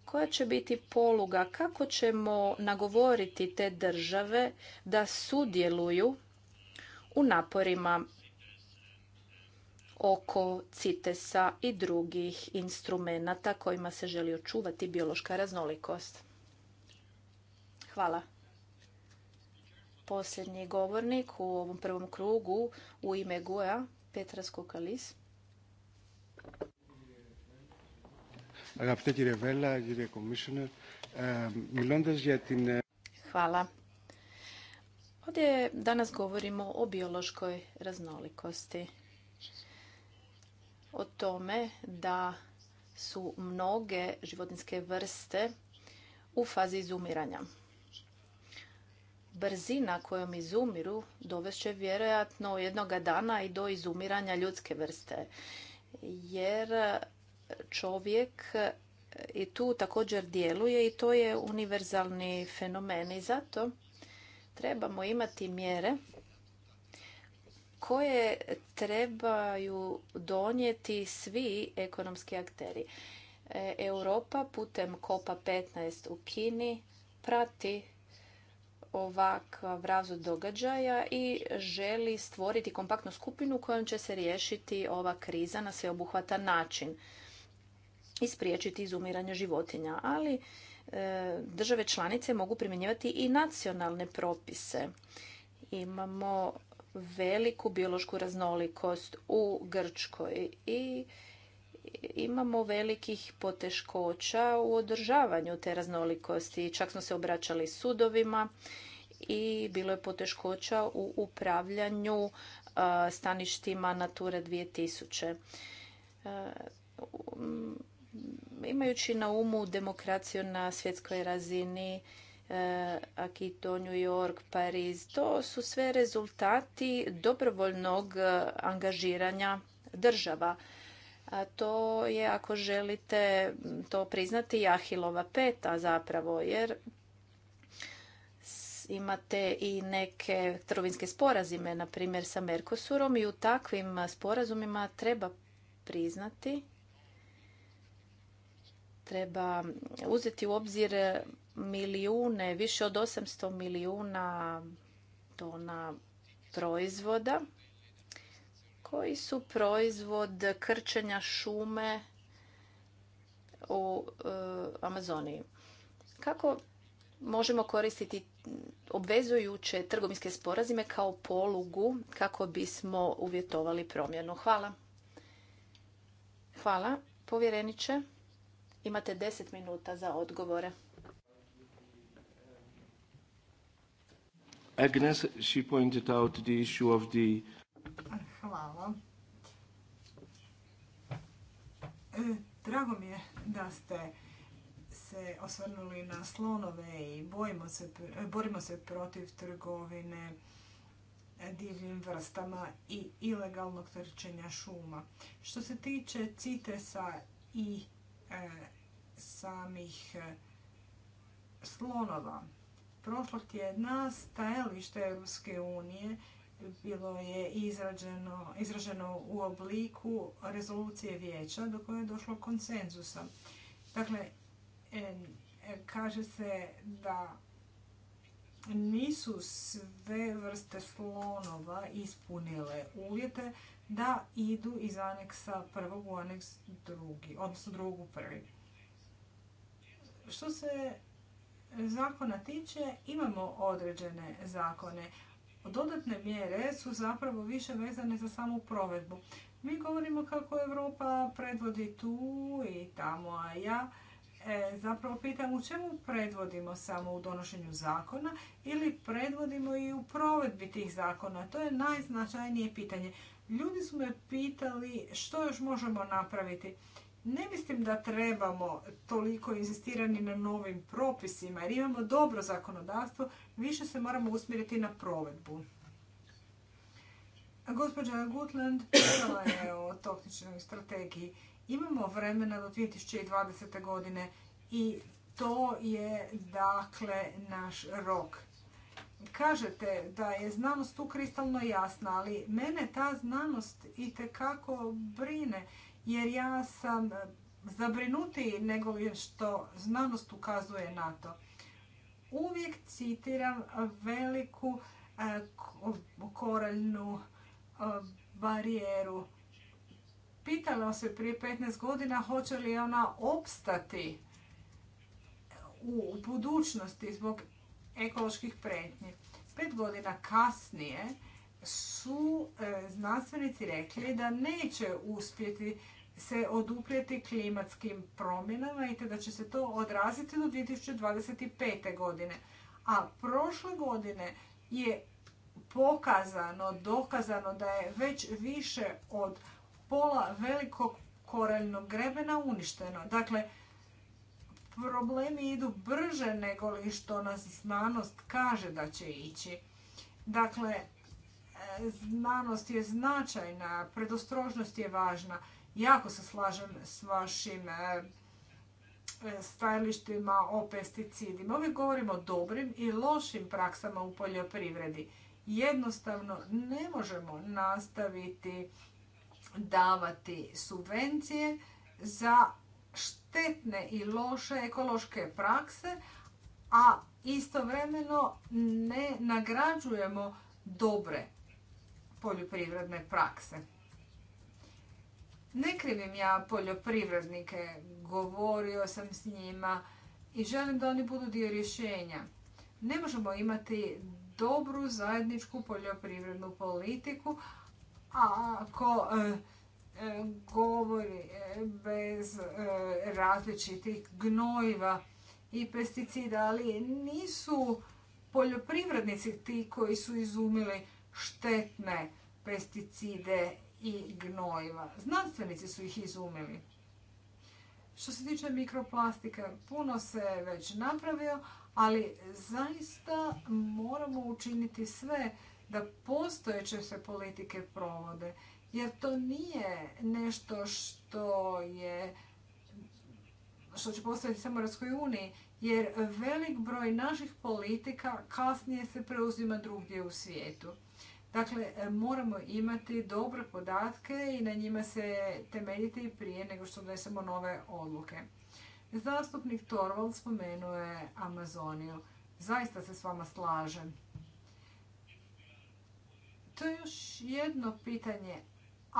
Koja će biti poluga? Kako ćemo nagovoriti te države da sudjeluju u naporima oko citesa i drugih instrumenata kojima se želi očuvati biološka raznolikost? Hvala posljednji govornik u ovom prvom krugu u ime Guja. Petra Κοκαλής. Hvala. Ovdje danas govorimo o biološkoj raznolikosti. O tome da su mnoge životinske vrste u fazi izumiranja brzina kojom izumiru dovest će vjerojatno jednoga dana i do izumiranja ljudske vrste. Jer čovjek i tu također djeluje i to je univerzalni fenomen i zato trebamo imati mjere koje trebaju donijeti svi ekonomski akteri. E, Europa putem Kopa 15 u Kini prati ovakav razvod događaja i želi stvoriti kompaktnu skupinu kojom će se riješiti ova kriza na sveobuhvatan način i spriječiti izumiranje životinja. Ali e, države članice mogu primjenjivati i nacionalne propise. Imamo veliku biološku raznolikost u Grčkoj i imamo velikih poteškoća u održavanju te raznolikosti. Čak smo se obraćali sudovima i bilo je poteškoća u upravljanju staništima Natura 2000. Um, imajući na umu demokraciju na svjetskoj razini, e, Akito, New York, Pariz, to su sve rezultati dobrovoljnog angažiranja država. A to je, ako želite to priznati, jahilova peta zapravo, jer imate i neke trgovinske sporazime, na primjer sa Merkosurom, i u takvim sporazumima treba priznati treba uzeti u obzir milijune, više od 800 milijuna tona proizvoda koji su proizvod krčenja šume u e, Amazoniji. Kako možemo koristiti obvezujuće trgovinske sporazime kao polugu kako bismo uvjetovali promjenu? Hvala. Hvala, povjereniče. Imate 10 minuta za odgovore. Agnes, she pointed out the issue of the Hvala. E, drago mi je da ste se osvrnuli na slonove i borimo se protiv trgovine divljim vrstama i ilegalnog trčenja šuma. Što se tiče cites i e, samih e, slonova, prošlog tjedna stajalište Europske unije bilo je izrađeno, izraženo u obliku rezolucije vijeća do koje je došlo konsenzusa. Dakle, kaže se da nisu sve vrste slonova ispunile uvjete da idu iz aneksa prvog u aneks drugi, odnosno drugu prvi. Što se zakona tiče, imamo određene zakone, dodatne mjere su zapravo više vezane za samu provedbu. Mi govorimo kako Europa predvodi tu i tamo, a ja e, zapravo pitam u čemu predvodimo samo u donošenju zakona ili predvodimo i u provedbi tih zakona. To je najznačajnije pitanje. Ljudi su me pitali što još možemo napraviti. Ne mislim da trebamo toliko insistirani na novim propisima jer imamo dobro zakonodavstvo, više se moramo usmjeriti na provedbu. Gospođa Gutland pisala je o toksičnoj strategiji. Imamo vremena do 2020. godine i to je dakle naš rok. Kažete da je znanost tu kristalno jasna, ali mene ta znanost i kako brine jer ja sam eh, zabrinuti nego što znanost ukazuje na to. Uvijek citiram veliku eh, koraljnu eh, barijeru. Pitala se prije 15 godina hoće li ona opstati u budućnosti zbog ekoloških prijetnji Pet godina kasnije su e, znanstvenici rekli da neće uspjeti se oduprijeti klimatskim promjenama i te da će se to odraziti do 2025. godine. A prošle godine je pokazano, dokazano da je već više od pola velikog koraljnog grebena uništeno. Dakle, problemi idu brže nego li što nas znanost kaže da će ići. Dakle, znanost je značajna, predostrožnost je važna. Jako se slažem s vašim e, stajalištima o pesticidima. Ovi govorimo o dobrim i lošim praksama u poljoprivredi. Jednostavno ne možemo nastaviti davati subvencije za štetne i loše ekološke prakse, a istovremeno ne nagrađujemo dobre poljoprivredne prakse. Ne krivim ja poljoprivrednike, govorio sam s njima i želim da oni budu dio rješenja. Ne možemo imati dobru zajedničku poljoprivrednu politiku ako e, e, govori e, bez različitih gnojiva i pesticida, ali nisu poljoprivrednici ti koji su izumili štetne pesticide i gnojiva. Znanstvenici su ih izumili. Što se tiče mikroplastika, puno se već napravio, ali zaista moramo učiniti sve da postojeće se politike provode. Jer to nije nešto što je što će postaviti samo EU, uniji, jer velik broj naših politika kasnije se preuzima drugdje u svijetu. Dakle, moramo imati dobre podatke i na njima se temeljiti prije nego što donesemo nove odluke. Zastupnik Torvald spomenuo je Amazoniju. Zaista se s vama slažem. To je još jedno pitanje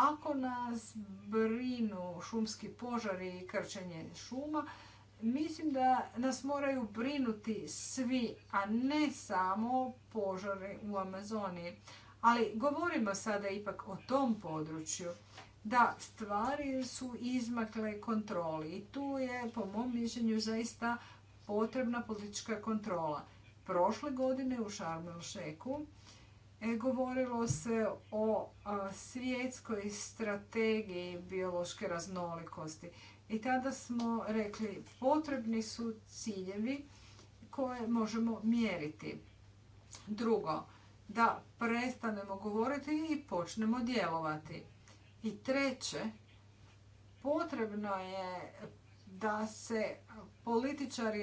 ako nas brinu šumski požari i krčenje šuma, mislim da nas moraju brinuti svi, a ne samo požari u Amazoniji. Ali govorimo sada ipak o tom području. Da, stvari su izmakle kontroli i tu je, po mom mišljenju, zaista potrebna politička kontrola. Prošle godine u Šarmel Šeku E, govorilo se o svjetskoj strategiji biološke raznolikosti i tada smo rekli potrebni su ciljevi koje možemo mjeriti. Drugo, da prestanemo govoriti i počnemo djelovati. I treće, potrebno je da se političari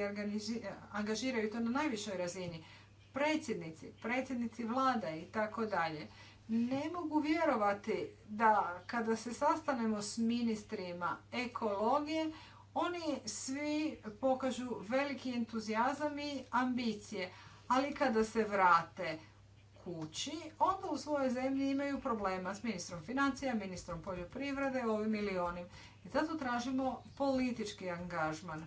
angažiraju to na najvišoj razini predsjednici, predsjednici vlada i tako dalje. Ne mogu vjerovati da kada se sastanemo s ministrima ekologije, oni svi pokažu veliki entuzijazam i ambicije, ali kada se vrate kući, onda u svojoj zemlji imaju problema s ministrom financija, ministrom poljoprivrede, ovim ili onim. I zato tražimo politički angažman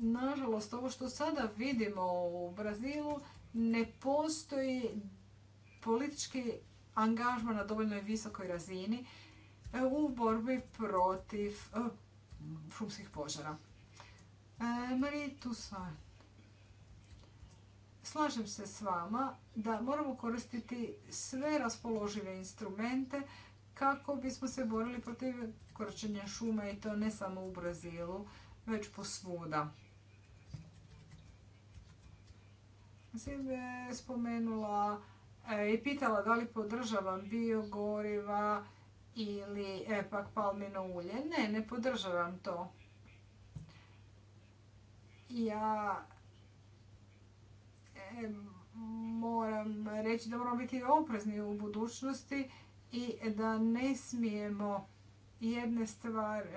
nažalost, ovo što sada vidimo u Brazilu ne postoji politički angažman na dovoljnoj visokoj razini e, u borbi protiv e, šumskih požara. E, Marie Slažem se s vama da moramo koristiti sve raspoložive instrumente kako bismo se borili protiv korištenja šuma i to ne samo u Brazilu, već posvuda. je spomenula e, i pitala da li podržavam biogoriva ili e, pak palmino ulje. Ne, ne podržavam to. Ja e, moram reći da moramo biti oprezni u budućnosti i da ne smijemo jedne stvari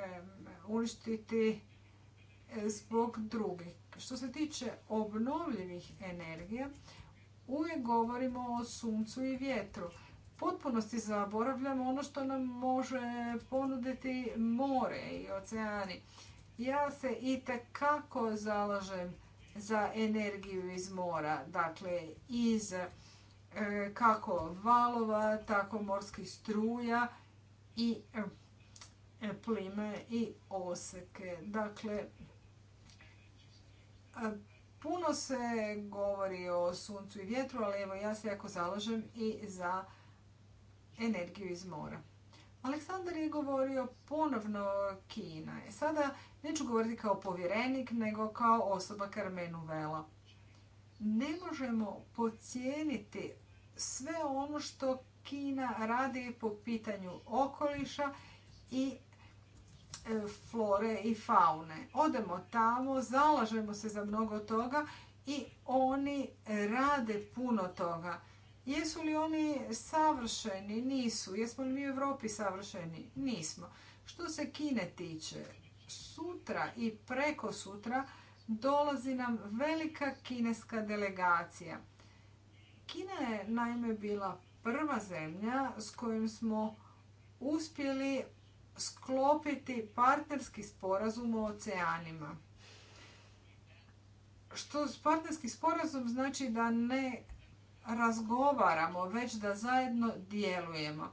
uništiti zbog drugih. Što se tiče obnovljivih energija, uvijek govorimo o suncu i vjetru. Potpunosti zaboravljamo ono što nam može ponuditi more i oceani. Ja se i kako zalažem za energiju iz mora, dakle iz e, kako valova, tako morskih struja i e, plime i oseke. Dakle, Puno se govori o suncu i vjetru, ali evo ja se jako zalažem i za energiju iz mora. Aleksandar je govorio ponovno Kina. E, sada neću govoriti kao povjerenik, nego kao osoba Karmenu Vela. Ne možemo pocijeniti sve ono što Kina radi po pitanju okoliša i E, flore i faune. Odemo tamo, zalažemo se za mnogo toga i oni rade puno toga. Jesu li oni savršeni? Nisu. Jesmo li mi u Europi savršeni? Nismo. Što se Kine tiče, sutra i preko sutra dolazi nam velika kineska delegacija. Kina je naime bila prva zemlja s kojom smo uspjeli sklopiti partnerski sporazum o oceanima. Što partnerski sporazum znači da ne razgovaramo, već da zajedno djelujemo.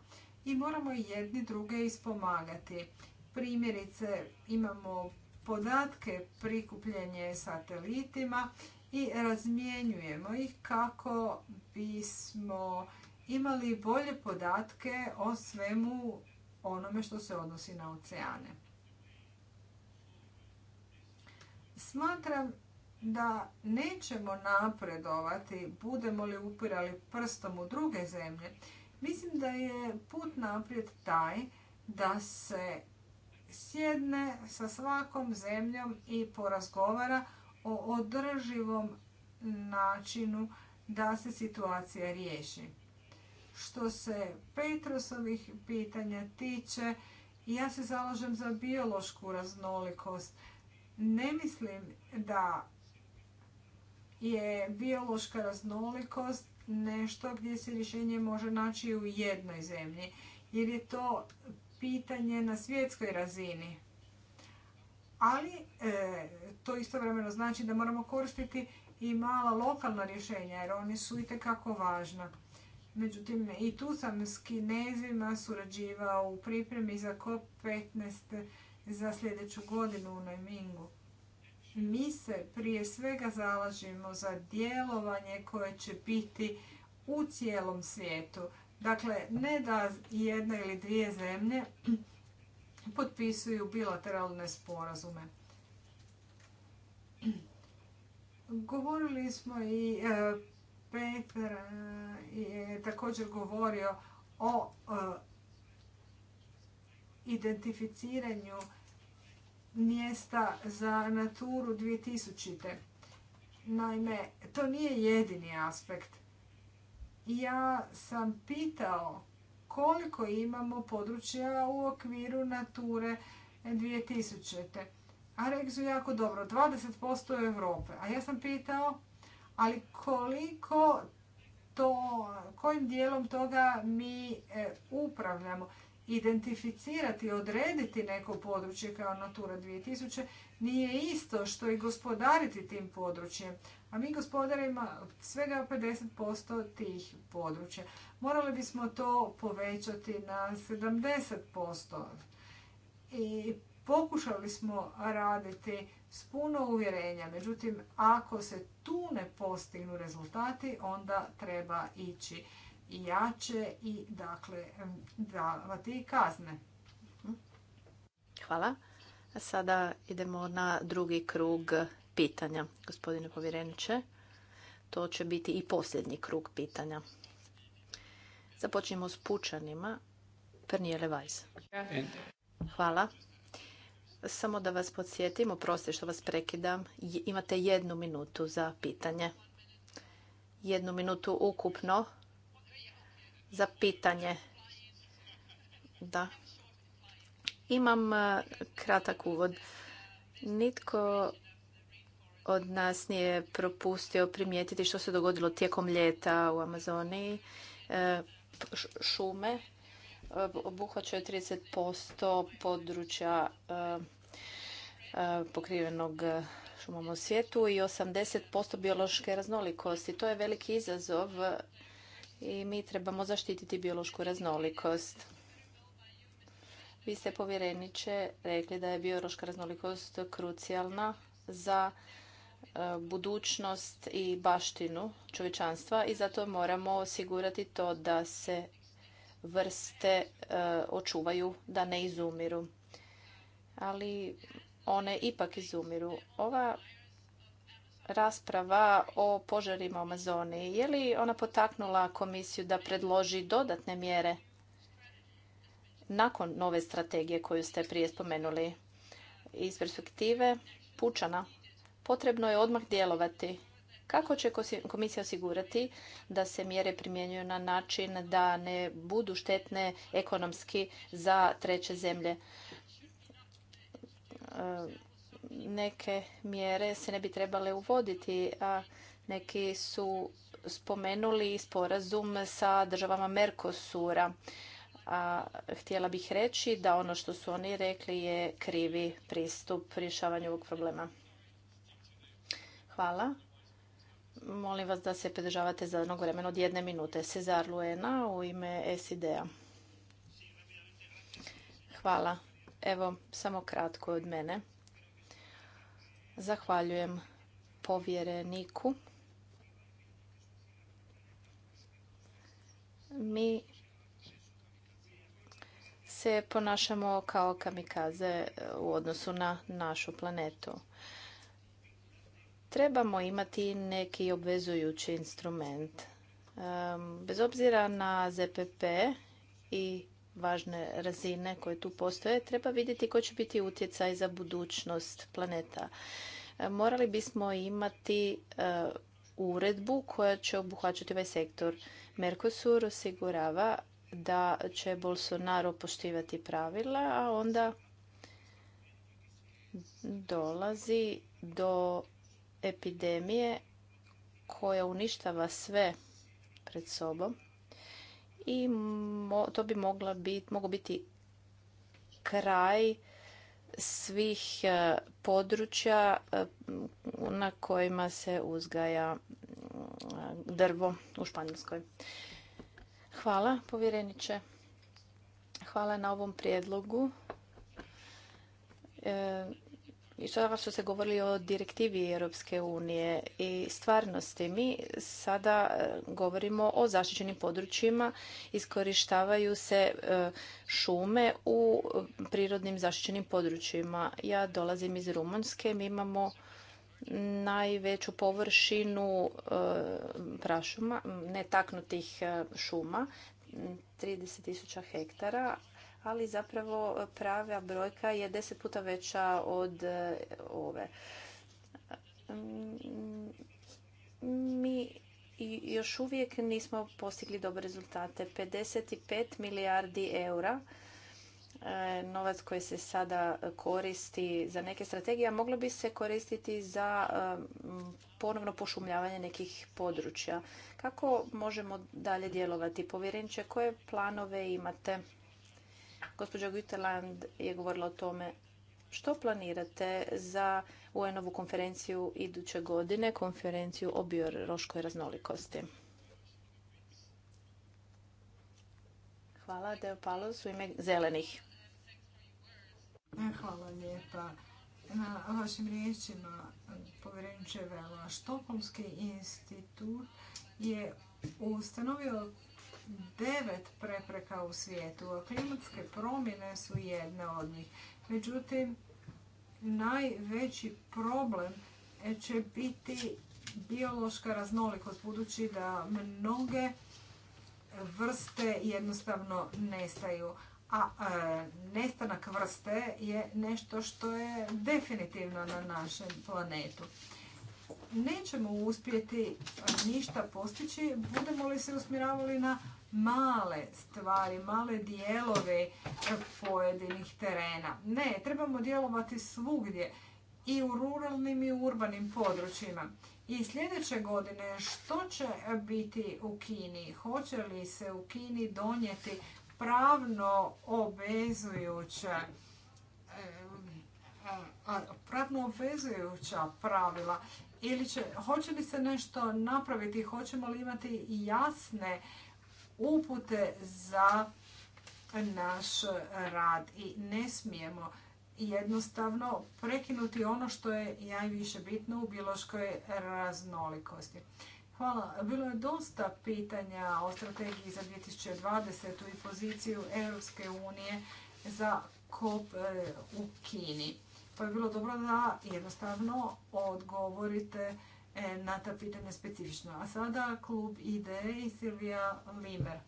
I moramo jedni druge ispomagati. Primjerice, imamo podatke prikupljenje satelitima i razmjenjujemo ih kako bismo imali bolje podatke o svemu onome što se odnosi na oceane. Smatram da nećemo napredovati, budemo li upirali prstom u druge zemlje. Mislim da je put naprijed taj da se sjedne sa svakom zemljom i porazgovara o održivom načinu da se situacija riješi. Što se Petrusovih pitanja tiče, ja se zalažem za biološku raznolikost. Ne mislim da je biološka raznolikost nešto gdje se rješenje može naći u jednoj zemlji, jer je to pitanje na svjetskoj razini. Ali to e, to istovremeno znači da moramo koristiti i mala lokalna rješenja jer oni su itekako važna. Međutim, i tu sam s kinezima surađivao u pripremi za COP15 za sljedeću godinu u Najmingu. Mi se prije svega zalažimo za djelovanje koje će biti u cijelom svijetu. Dakle, ne da jedna ili dvije zemlje potpisuju bilateralne sporazume. Govorili smo i e, Paper eh, je također govorio o eh, identificiranju mjesta za Naturu 2000. Naime, to nije jedini aspekt. Ja sam pitao koliko imamo područja u okviru Nature 2000. A rekli su jako dobro, 20% Evrope. A ja sam pitao ali koliko to, kojim dijelom toga mi e, upravljamo. Identificirati, odrediti neko područje kao Natura 2000 nije isto što i gospodariti tim područjem. A mi gospodarimo svega 50% tih područja. Morali bismo to povećati na 70%. I Pokušali smo raditi s puno uvjerenja, međutim ako se tu ne postignu rezultati, onda treba ići jače i dakle davati kazne. Hvala. sada idemo na drugi krug pitanja, gospodine povjereniče. To će biti i posljednji krug pitanja. Započnimo s pučanima. Pernijele Vajs. Hvala. Samo da vas podsjetim, oprosti što vas prekidam, imate jednu minutu za pitanje. Jednu minutu ukupno za pitanje. Da. Imam e, kratak uvod. Nitko od nas nije propustio primijetiti što se dogodilo tijekom ljeta u Amazoniji. E, šume obuhvaćaju 30% područja e, e, pokrivenog šumom u svijetu i 80% biološke raznolikosti. To je veliki izazov i mi trebamo zaštititi biološku raznolikost. Vi ste povjereniče rekli da je biološka raznolikost krucijalna za e, budućnost i baštinu čovječanstva i zato moramo osigurati to da se vrste e, očuvaju da ne izumiru. Ali one ipak izumiru. Ova rasprava o požarima u Amazoniji, je li ona potaknula komisiju da predloži dodatne mjere nakon nove strategije koju ste prije spomenuli? Iz perspektive pučana potrebno je odmah djelovati kako će komisija osigurati da se mjere primjenjuju na način da ne budu štetne ekonomski za treće zemlje? E, neke mjere se ne bi trebale uvoditi, a neki su spomenuli sporazum sa državama Mercosura. A htjela bih reći da ono što su oni rekli je krivi pristup rješavanju ovog problema. Hvala. Molim vas da se pridržavate za jednog vremena od jedne minute. Cezar Luena u ime SID-a. Hvala. Evo, samo kratko od mene. Zahvaljujem povjereniku. Mi se ponašamo kao kamikaze u odnosu na našu planetu trebamo imati neki obvezujući instrument. Bez obzira na ZPP i važne razine koje tu postoje, treba vidjeti koji će biti utjecaj za budućnost planeta. Morali bismo imati e, uredbu koja će obuhvaćati ovaj sektor. Mercosur osigurava da će Bolsonaro poštivati pravila, a onda dolazi do epidemije koja uništava sve pred sobom i to bi mogla bit, mogu biti kraj svih e, područja e, na kojima se uzgaja e, drvo u Španjolskoj. Hvala, povjereniče. Hvala na ovom prijedlogu. I sada su se govorili o direktivi Europske unije i stvarnosti. Mi sada e, govorimo o zaštićenim područjima, iskorištavaju se e, šume u e, prirodnim zaštićenim područjima. Ja dolazim iz Rumunjske, mi imamo najveću površinu prašuma, netaknutih šuma, 30.000 hektara, ali zapravo prava brojka je deset puta veća od e, ove. Mm, mi još uvijek nismo postigli dobre rezultate. 55 milijardi eura e, novac koji se sada koristi za neke strategije, moglo bi se koristiti za e, ponovno pošumljavanje nekih područja. Kako možemo dalje djelovati? Povjereniče, koje planove imate Gospođa Guteland je govorila o tome što planirate za UN-ovu konferenciju iduće godine, konferenciju o biološkoj raznolikosti. Hvala, Deo Palos, u ime zelenih. Hvala lijepa. Na vašim riječima, povjerenče Vela, Štokholmski institut je ustanovio devet prepreka u svijetu, a klimatske promjene su jedna od njih. Međutim, najveći problem će biti biološka raznolikost, budući da mnoge vrste jednostavno nestaju. A e, nestanak vrste je nešto što je definitivno na našem planetu nećemo uspjeti e, ništa postići, budemo li se usmjeravali na male stvari, male dijelove e, pojedinih terena. Ne, trebamo djelovati svugdje i u ruralnim i urbanim područjima. I sljedeće godine što će biti u Kini? Hoće li se u Kini donijeti pravno obvezujuća e, pravno obvezujuća pravila ili hoće li se nešto napraviti, hoćemo li imati jasne upute za naš rad i ne smijemo jednostavno prekinuti ono što je najviše bitno u biološkoj raznolikosti. Hvala. Bilo je dosta pitanja o strategiji za 2020. i poziciju Europske unije za kop e, u Kini. Pa bi bilo dobro da jednostavno odgovorite e, na ta pitanja specifično. A sada klub IDE i Silvija Limer.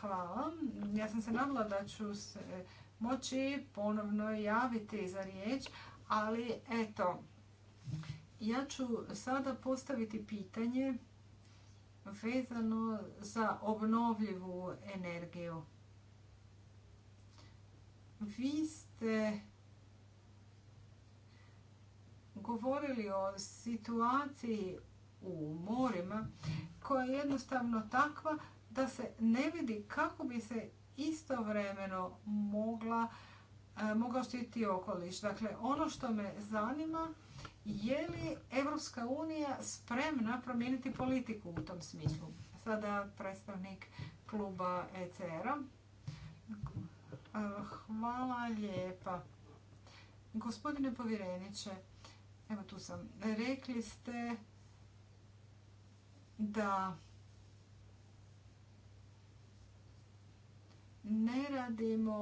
Hvala. Ja sam se nadala da ću se moći ponovno javiti za riječ, ali eto, ja ću sada postaviti pitanje vezano za obnovljivu energiju. Vi ste govorili o situaciji u morima koja je jednostavno takva da se ne vidi kako bi se istovremeno mogla e, mogao štiti okoliš. Dakle, ono što me zanima je li Evropska unija spremna promijeniti politiku u tom smislu? Sada predstavnik kluba ECR-a, Ah, hvala lijepa. Gospodine povjereniče, evo tu sam, rekli ste da ne radimo,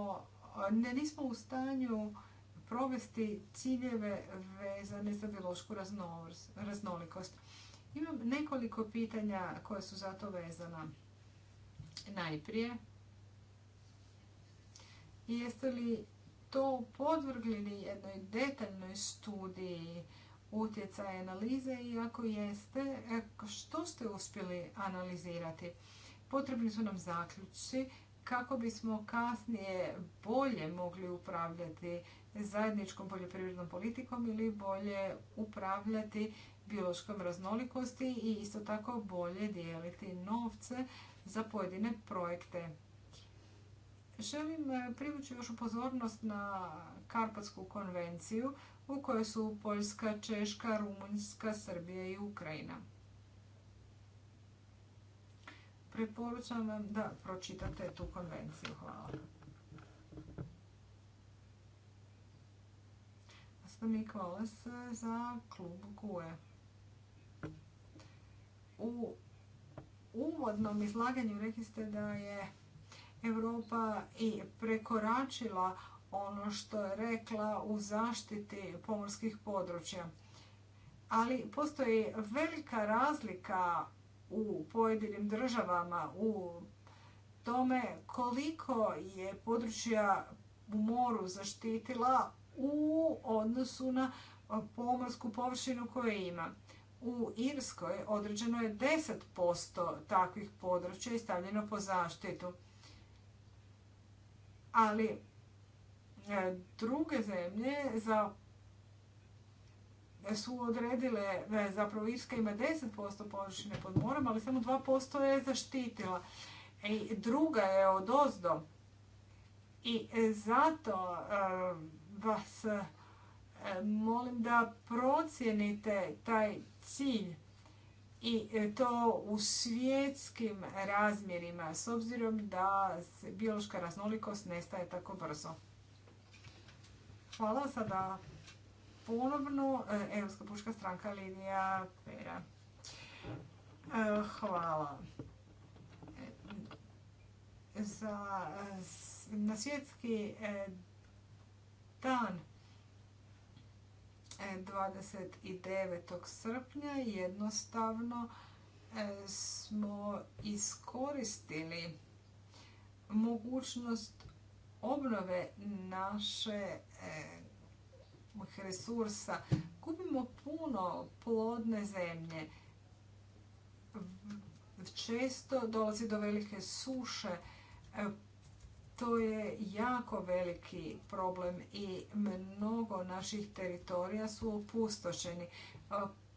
ne nismo u stanju provesti ciljeve vezane za biološku raznolikost. Imam nekoliko pitanja koje su za to vezana. Najprije, Jeste li to podvrgljeni jednoj detaljnoj studiji utjecaja analize i ako jeste, e, što ste uspjeli analizirati? Potrebni su nam zaključci kako bismo kasnije bolje mogli upravljati zajedničkom poljoprivrednom politikom ili bolje upravljati biološkom raznolikosti i isto tako bolje dijeliti novce za pojedine projekte. Želim e, privući vašu pozornost na Karpatsku konvenciju u kojoj su Poljska, Češka, Rumunjska, Srbija i Ukrajina. Preporučam vam da pročitate tu konvenciju. Hvala. nikola Valas e, za klub GUE. U uvodnom izlaganju rekli ste da je Europa i prekoračila ono što je rekla u zaštiti pomorskih područja. Ali postoji velika razlika u pojedinim državama u tome koliko je područja u moru zaštitila u odnosu na pomorsku površinu koju ima. U Irskoj određeno je 10% takvih područja i stavljeno po zaštitu ali e, druge zemlje za su odredile, e, zapravo Irska ima 10% površine pod morom, ali samo 2% je zaštitila. E, I druga je od I zato vas molim da procijenite taj cilj i e, to u svjetskim razmjerima s obzirom da biološka raznolikost nestaje tako brzo. Hvala sada ponovno e, Europska puška stranka Lidija Pera. E, hvala. na svjetski dan 29. E, srpnja jednostavno e, smo iskoristili mogućnost obnove naše e, resursa. Gubimo puno plodne zemlje. Često dolazi do velike suše. To je jako veliki problem i mnogo naših teritorija su opustošeni. E,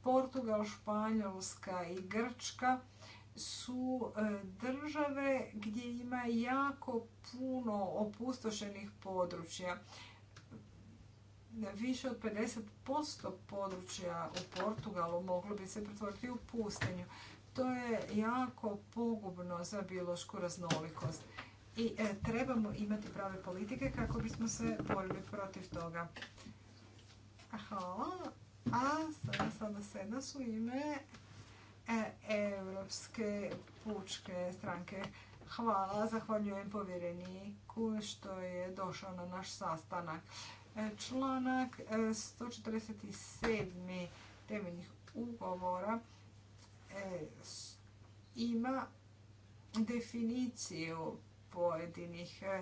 Portugal, Španjolska i Grčka su e, države gdje ima jako puno opustošenih područja. Više od 50% područja u Portugalu moglo bi se pretvoriti u pustinju. To je jako pogubno za biološku raznolikost i e, trebamo imati prave politike kako bismo se borili protiv toga. Aha, A sada sada su ime e, Europske pučke stranke. Hvala, zahvaljujem povjereniku što je došao na naš sastanak. E, članak 147. temeljnih ugovora ima definiciju pojedinih e,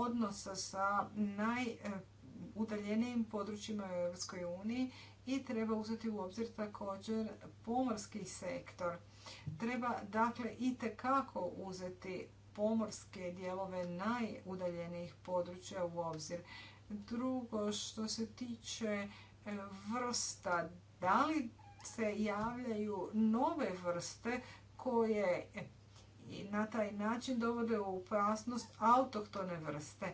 odnosa sa najudaljenijim područjima u Europskoj i treba uzeti u obzir također pomorski sektor. Treba dakle i tekako uzeti pomorske dijelove najudaljenijih područja u obzir. Drugo, što se tiče e, vrsta, da li se javljaju nove vrste koje i na taj način dovode u opasnost autohtone vrste.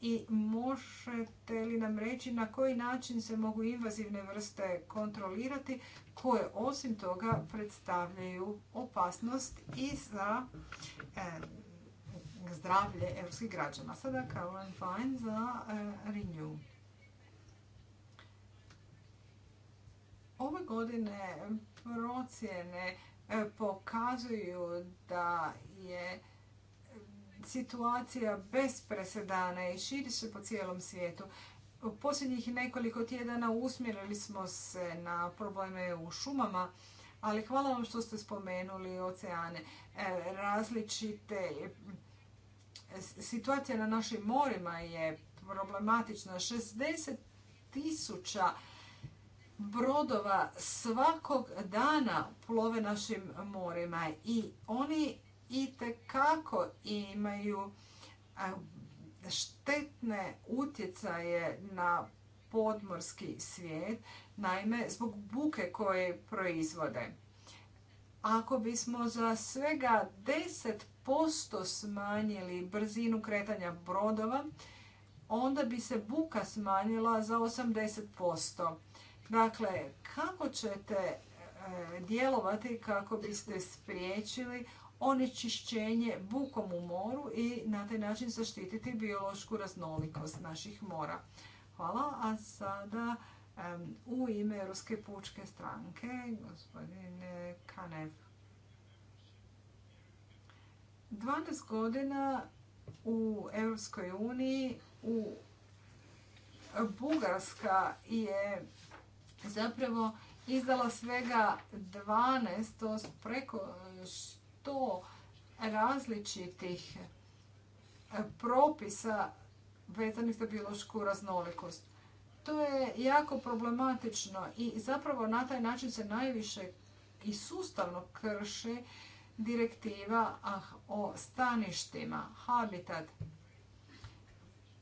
I možete li nam reći na koji način se mogu invazivne vrste kontrolirati koje osim toga predstavljaju opasnost i za zdravlje europskih građana. Sada Caroline Fine za eh, Renew. Ove godine procjene pokazuju da je situacija bez presedana i širi se po cijelom svijetu. posljednjih nekoliko tjedana usmjerili smo se na probleme u šumama, ali hvala vam što ste spomenuli oceane. E, različite situacija na našim morima je problematična. 60 tisuća brodova svakog dana plove našim morima i oni i kako imaju štetne utjecaje na podmorski svijet, naime zbog buke koje proizvode. Ako bismo za svega 10% smanjili brzinu kretanja brodova, onda bi se buka smanjila za 80%. Dakle, kako ćete e, djelovati kako biste spriječili onečišćenje bukom u moru i na taj način zaštititi biološku raznolikost naših mora. Hvala, a sada u ime Ruske pučke stranke, gospodin e, Kanev. 12 godina u Europskoj uniji u Bugarska je zapravo izdala svega 12, to preko 100 e, različitih e, propisa vezanih za biološku raznolikost. To je jako problematično i zapravo na taj način se najviše i sustavno krše direktiva ah, o staništima, habitat.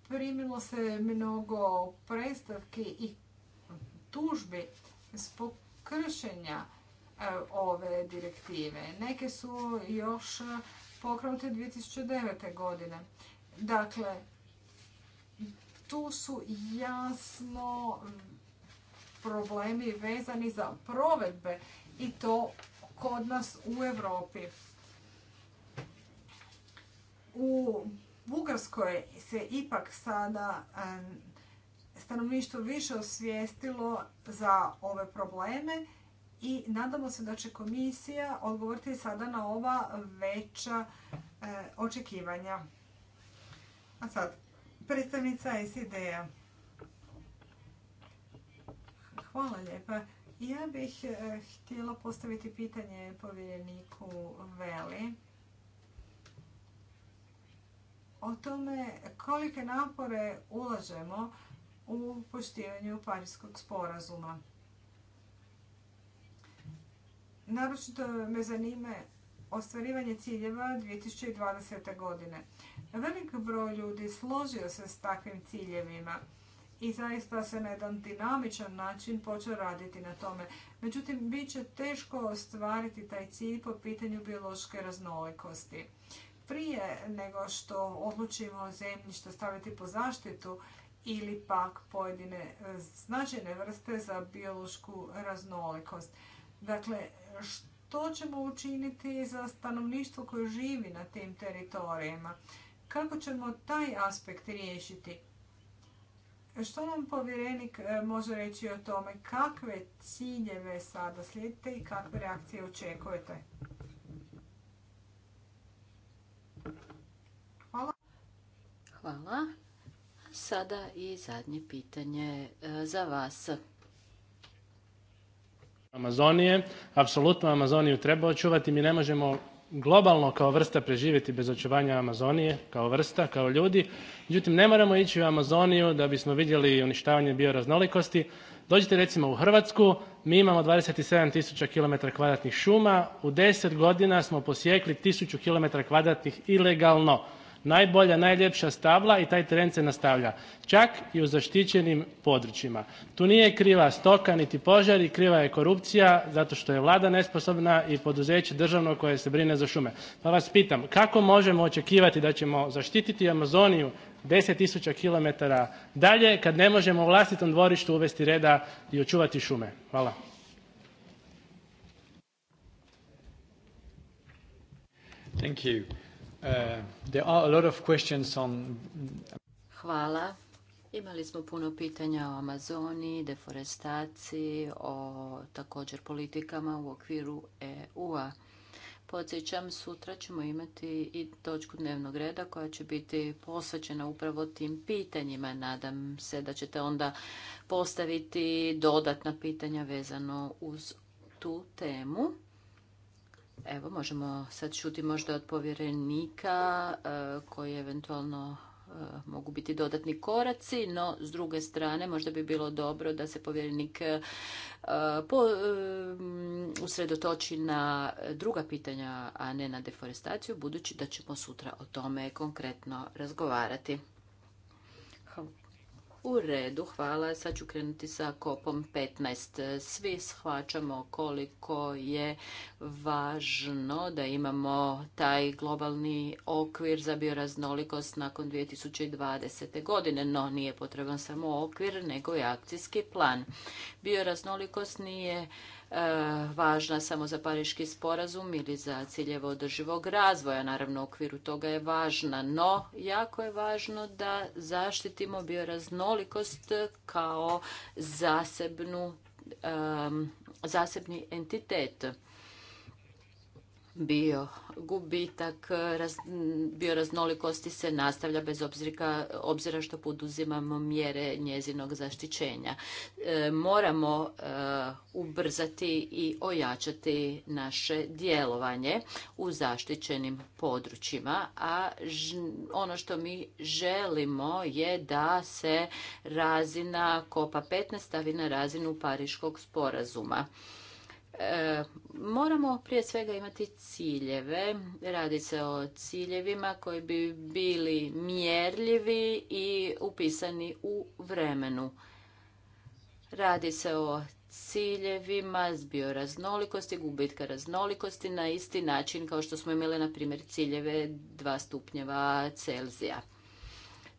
Primilo se mnogo predstavki i tužbi zbog kršenja e, ove direktive. Neke su još e, pokrenute 2009. godine. Dakle, tu su jasno problemi vezani za provedbe i to kod nas u Europi. U Bugarskoj se ipak sada stanovništvo više osvijestilo za ove probleme i nadamo se da će komisija odgovoriti sada na ova veća e, očekivanja. A sad, predstavnica SID-a. Hvala lijepa. Ja bih e, htjela postaviti pitanje povjereniku Veli o tome kolike napore ulažemo u poštivanju Parijskog sporazuma. Naročito me zanime ostvarivanje ciljeva 2020. godine. Velik broj ljudi složio se s takvim ciljevima i zaista se na jedan dinamičan način počeo raditi na tome. Međutim, bit će teško ostvariti taj cilj po pitanju biološke raznolikosti. Prije nego što odlučimo zemljište staviti po zaštitu ili pak pojedine e, značajne vrste za biološku raznolikost. Dakle, što ćemo učiniti za stanovništvo koje živi na tim teritorijama? Kako ćemo taj aspekt riješiti? Što nam povjerenik e, može reći o tome kakve ciljeve sada slijedite i kakve reakcije očekujete? Hvala. Hvala. Sada i zadnje pitanje e, za vas. Amazonije, apsolutno Amazoniju treba očuvati, mi ne možemo globalno kao vrsta preživjeti bez očuvanja Amazonije, kao vrsta, kao ljudi. Međutim, ne moramo ići u Amazoniju da bismo vidjeli uništavanje bioraznolikosti. Dođite recimo u Hrvatsku, mi imamo 27.000 tisuća km kvadratnih šuma, u 10 godina smo posjekli 1000 km kvadratnih ilegalno najbolja, najljepša stabla i taj trend se nastavlja, čak i u zaštićenim područjima. Tu nije kriva stoka niti požari, kriva je korupcija zato što je Vlada nesposobna i poduzeće državno koje se brine za šume. Pa vas pitam, kako možemo očekivati da ćemo zaštititi Amazoniju 10.000 km dalje kad ne možemo u vlastitom dvorištu uvesti reda i očuvati šume? Hvala. Thank you. Uh, Hvala. Imali smo puno pitanja o Amazoni, deforestaciji, o također politikama u okviru EU-a. Podsjećam, sutra ćemo imati i točku dnevnog reda koja će biti posvećena upravo tim pitanjima. Nadam se da ćete onda postaviti dodatna pitanja vezano uz tu temu. Evo, možemo sad čuti možda od povjerenika e, koji eventualno e, mogu biti dodatni koraci, no s druge strane možda bi bilo dobro da se povjerenik e, mm, usredotoči na druga pitanja, a ne na deforestaciju, budući da ćemo sutra o tome konkretno razgovarati. U redu, hvala. Sad ću krenuti sa kopom 15. Svi shvaćamo koliko je važno da imamo taj globalni okvir za bioraznolikost nakon 2020. godine, no nije potreban samo okvir, nego i akcijski plan. Bioraznolikost nije E, važna samo za pariški sporazum ili za ciljevo održivog razvoja. Naravno, u okviru toga je važna, no jako je važno da zaštitimo bioraznolikost kao zasebnu, zasebni entitet bio gubitak bioraznolikosti se nastavlja bez obzira, obzira što poduzimamo mjere njezinog zaštićenja. E, moramo e, ubrzati i ojačati naše djelovanje u zaštićenim područjima, a ono što mi želimo je da se razina kopa 15 stavi na razinu Pariškog sporazuma. Moramo prije svega imati ciljeve. Radi se o ciljevima koji bi bili mjerljivi i upisani u vremenu. Radi se o ciljevima s bioraznolikosti, gubitka raznolikosti na isti način kao što smo imali na primjer ciljeve 2 stupnjeva Celzija.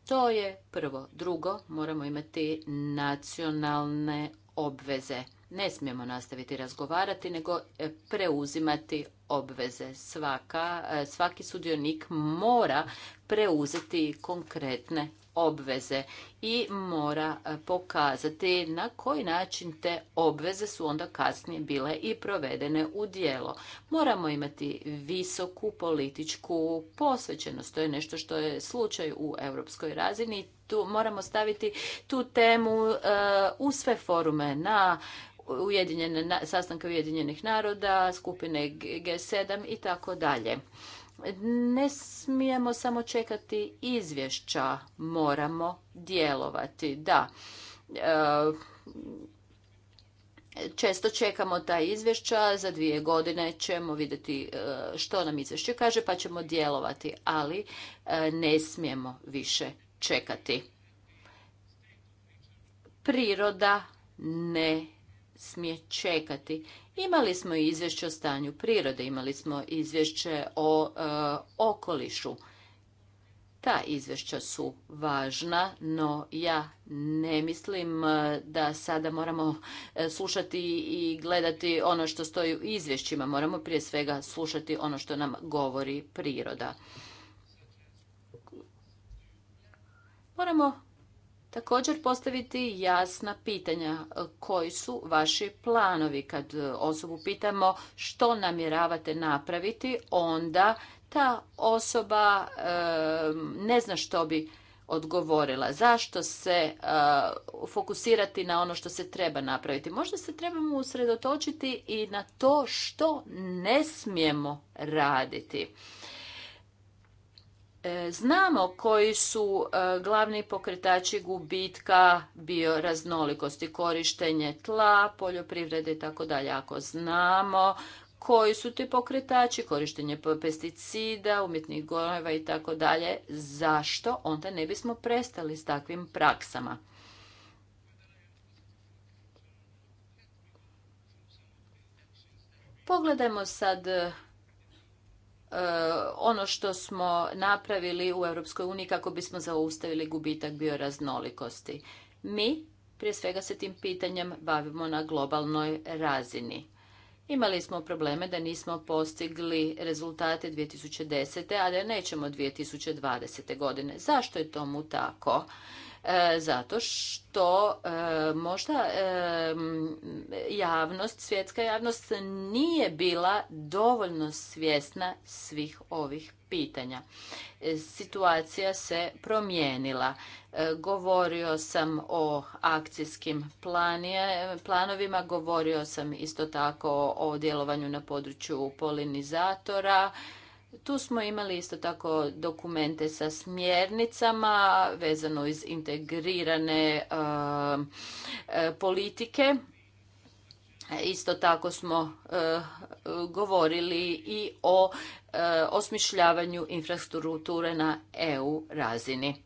To je prvo. Drugo, moramo imati nacionalne obveze ne smijemo nastaviti razgovarati, nego e, preuzimati obveze. Svaka, e, svaki sudionik mora preuzeti konkretne obveze i mora e, pokazati na koji način te obveze su onda kasnije bile i provedene u djelo. Moramo imati visoku političku posvećenost. To je nešto što je slučaj u europskoj razini. Tu moramo staviti tu temu u sve forume na ujedinjene, sastanke Ujedinjenih naroda, skupine G7 i tako dalje. Ne smijemo samo čekati izvješća, moramo djelovati. Da, e, često čekamo ta izvješća, za dvije godine ćemo vidjeti e, što nam izvješće kaže pa ćemo djelovati, ali e, ne smijemo više čekati. Priroda ne smije čekati. Imali smo i izvješće o stanju prirode, imali smo izvješće o e, okolišu. Ta izvješća su važna, no ja ne mislim e, da sada moramo e, slušati i gledati ono što stoji u izvješćima. Moramo prije svega slušati ono što nam govori priroda. Moramo Također postaviti jasna pitanja e, koji su vaši planovi. Kad e, osobu pitamo što namjeravate napraviti, onda ta osoba e, ne zna što bi odgovorila. Zašto se fokusirati na ono što se treba napraviti? Možda se trebamo usredotočiti i na to što ne smijemo raditi. E, znamo koji su e, glavni pokretači gubitka bioraznolikosti, korištenje tla, poljoprivrede i tako Ako znamo koji su ti pokretači, korištenje pesticida, umjetnih goriva i tako dalje, zašto onda ne bismo prestali s takvim praksama? Pogledajmo sad ono što smo napravili u Europskoj uniji kako bismo zaustavili gubitak bioraznolikosti. Mi prije svega se tim pitanjem bavimo na globalnoj razini. Imali smo probleme da nismo postigli rezultate 2010. a da nećemo 2020. godine. Zašto je tomu tako? E, zato što e, možda e, javnost, svjetska javnost nije bila dovoljno svjesna svih ovih pitanja. Situacija se promijenila. Govorio sam o akcijskim planovima, govorio sam isto tako o djelovanju na području polinizatora, tu smo imali isto tako dokumente sa smjernicama vezano iz integrirane um, e, politike. Isto tako smo e, govorili i o e, osmišljavanju infrastrukture na EU razini.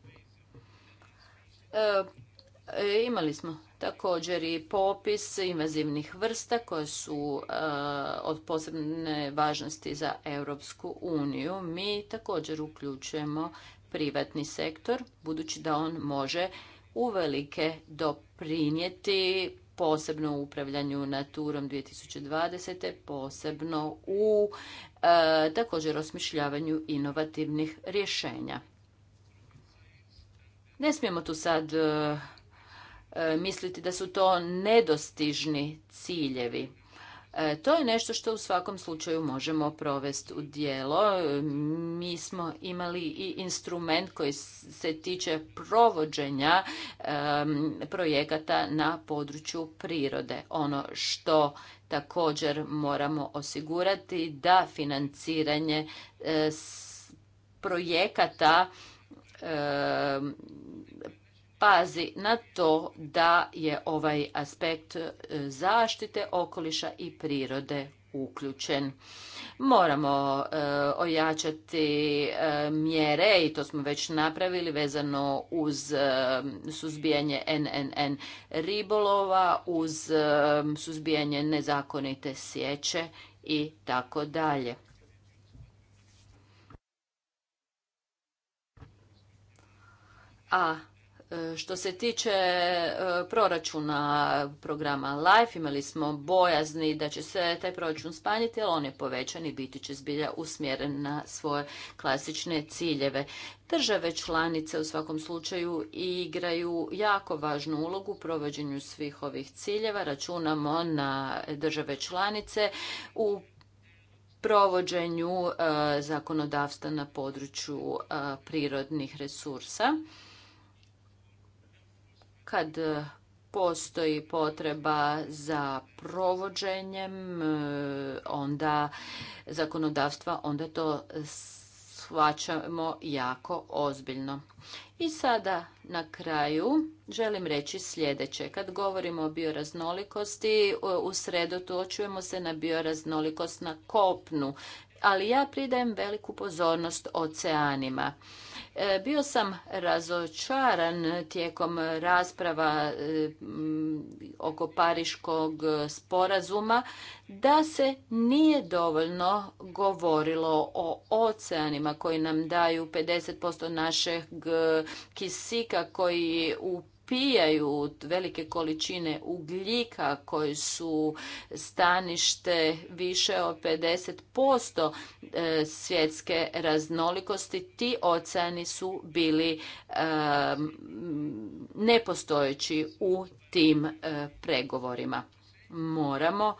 imali smo također i popis invazivnih vrsta koje su e, od posebne važnosti za Europsku uniju. Mi također uključujemo privatni sektor budući da on može uvelike doprinijeti posebno u upravljanju naturom 2020. posebno u e, također osmišljavanju inovativnih rješenja. Ne smijemo tu sad e, E, misliti da su to nedostižni ciljevi. E, to je nešto što u svakom slučaju možemo provesti u dijelo. E, mi smo imali i instrument koji se tiče provođenja projekata na području prirode. Ono što također moramo osigurati da financiranje projekata pazi na to da je ovaj aspekt e, zaštite okoliša i prirode uključen. Moramo e, ojačati e, mjere i to smo već napravili vezano uz suzbijanje NNN ribolova, uz suzbijanje nezakonite sječe i tako dalje. A što se tiče e, proračuna programa LIFE, imali smo bojazni da će se taj proračun spanjiti, ali on je povećan i biti će zbilja usmjeren na svoje klasične ciljeve. Države članice u svakom slučaju igraju jako važnu ulogu u provođenju svih ovih ciljeva. Računamo na države članice u provođenju e, zakonodavstva na području e, prirodnih resursa kad e, postoji potreba za provođenjem e, onda zakonodavstva, onda to shvaćamo jako ozbiljno. I sada na kraju želim reći sljedeće. Kad govorimo o bioraznolikosti, u očujemo se na bioraznolikost na kopnu, ali ja pridajem veliku pozornost oceanima. E, bio sam razočaran tijekom rasprava e, oko Pariškog sporazuma da se nije dovoljno govorilo o oceanima koji nam daju 50% našeg kisika koji u pijaju velike količine ugljika koji su stanište više od 50% e, svjetske raznolikosti. Ti oceani su bili e, nepostojeći u tim e, pregovorima. Moramo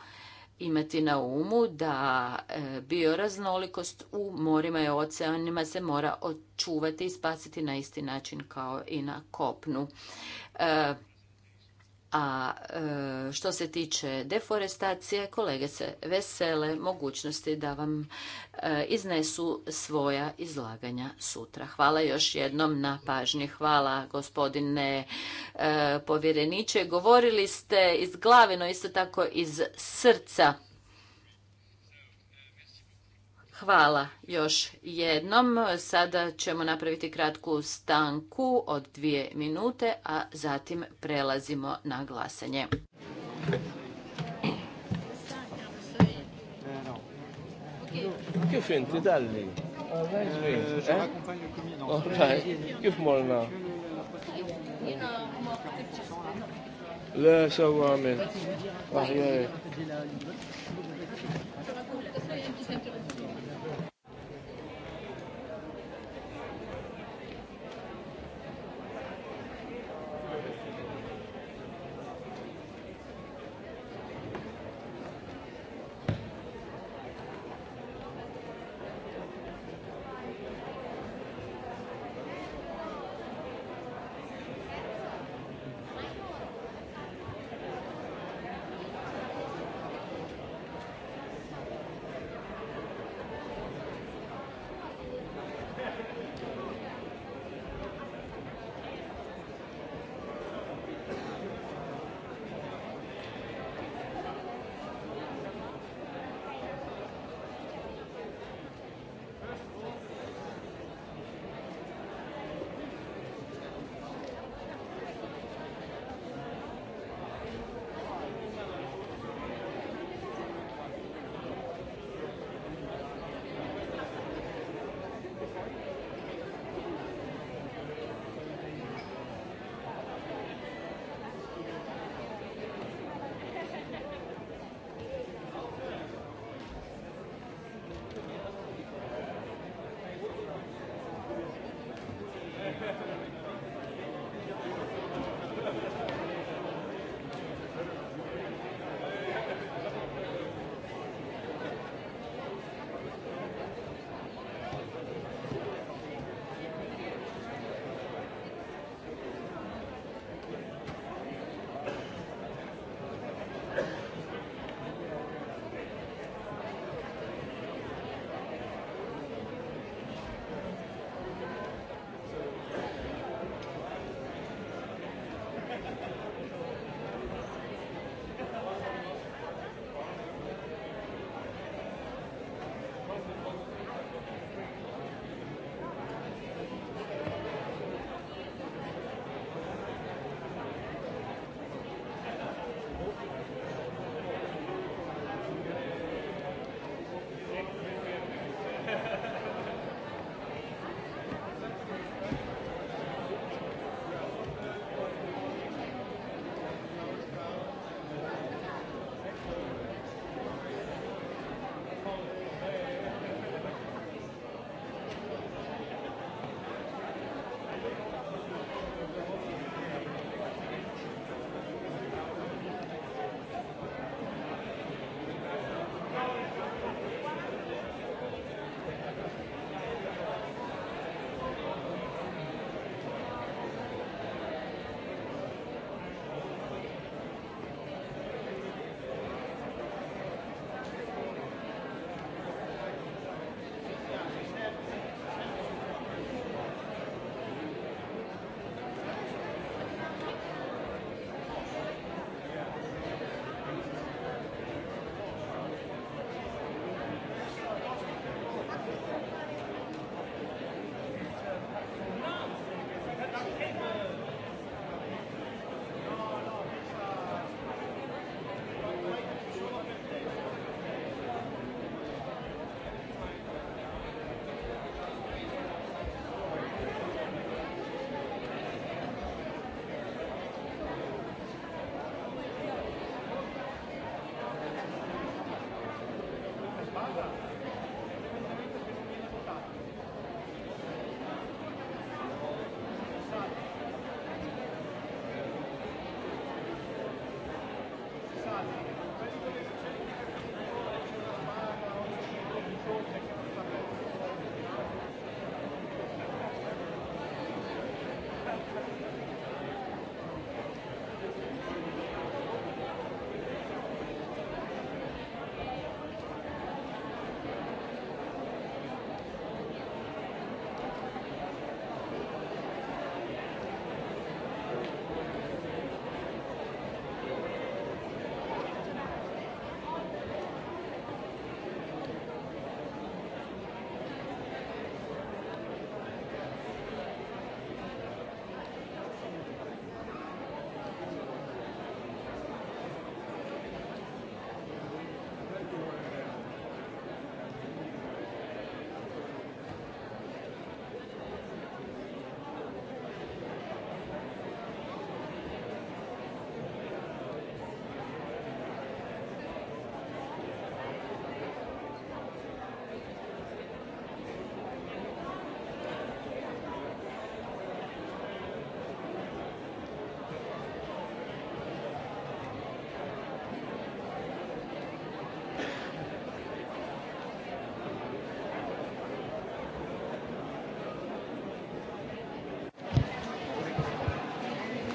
imati na umu da e, bioraznolikost u morima i oceanima se mora očuvati i spasiti na isti način kao i na kopnu. E, a e, što se tiče deforestacije, kolege se vesele mogućnosti da vam e, iznesu svoja izlaganja sutra. Hvala još jednom na pažnji. Hvala gospodine e, povjereniče. Govorili ste iz no isto tako iz srca. Hvala još jednom. Sada ćemo napraviti kratku stanku od dvije minute, a zatim prelazimo na glasanje.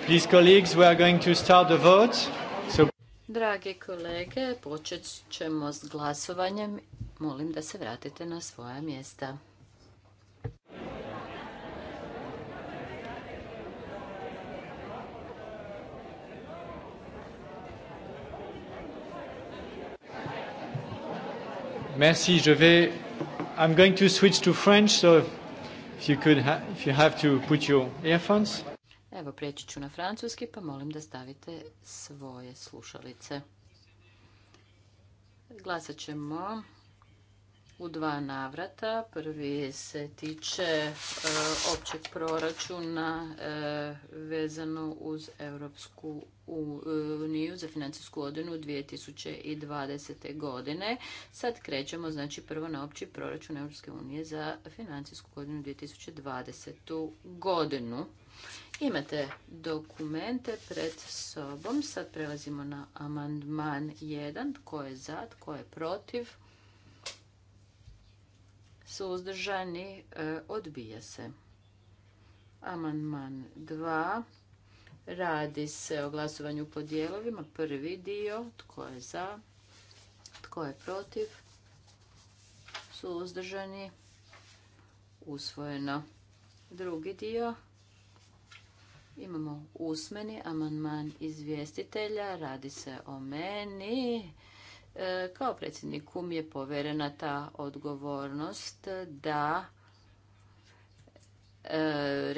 Please, colleagues, we are going to start the vote. So... Dragi kolege, počet ćemo s glasovanjem. Molim da se vratite na svoja mjesta. Merci, je vais... I'm going to switch to French, so if you, could ha if you have to put your earphones preći ću na francuski, pa molim da stavite svoje slušalice. Glasat ćemo u dva navrata. Prvi se tiče e, općeg proračuna e, vezano uz Europsku uniju za financijsku godinu 2020. godine. Sad krećemo znači prvo na opći proračun Europske unije za financijsku godinu 2020. godinu. Imate dokumente pred sobom. Sad prelazimo na amandman 1. Tko je za, tko je protiv? Suzdržani e, odbija se. Amandman 2. Radi se o glasovanju po dijelovima. Prvi dio. Tko je za, tko je protiv? Suzdržani usvojeno. Drugi dio. Imamo usmeni amandman izvjestitelja, radi se o meni. E, kao predsjedniku mi je poverena ta odgovornost da e,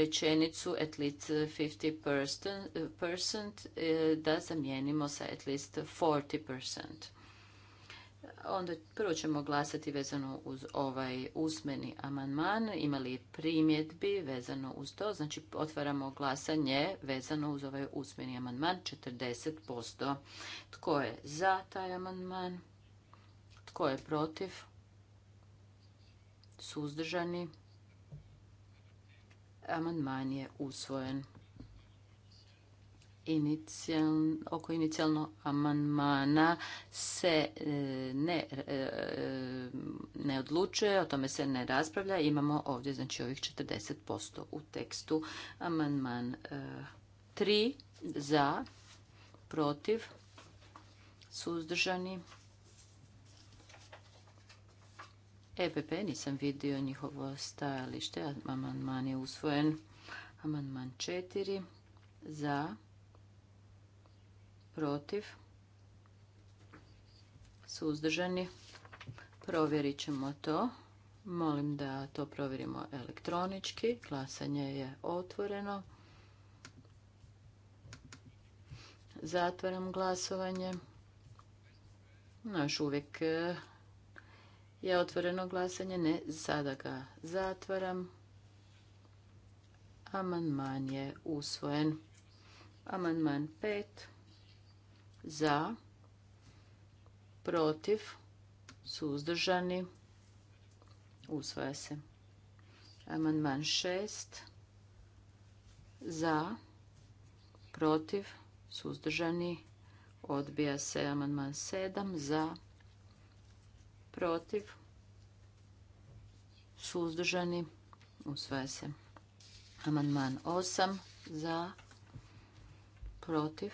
rečenicu at least 50% e, da zamijenimo sa at least 40%. Onda prvo ćemo glasati vezano uz ovaj usmeni amandman. Imali li primjedbi vezano uz to? Znači otvaramo glasanje vezano uz ovaj usmeni amandman 40%. Tko je za taj amandman? Tko je protiv? Suzdržani? Amandman je usvojen inicijalno, oko inicijalno amandmana se e, e, ne, odlučuje, o tome se ne raspravlja. Imamo ovdje znači ovih 40% u tekstu. Amandman 3 e, za, protiv, suzdržani. EPP nisam vidio njihovo stajalište. Amandman je usvojen. Amandman 4 za, protiv, suzdržani. Provjerit ćemo to. Molim da to provjerimo elektronički. Glasanje je otvoreno. Zatvaram glasovanje. Naš uvijek e, je otvoreno glasanje. Ne, sada ga zatvaram. Amandman je usvojen. Amandman 5 za, protiv, suzdržani, usvaja se. Amandman 6 za, protiv, suzdržani, odbija se. Amandman 7 za, protiv, suzdržani, usvaja se. Amandman 8 za, protiv,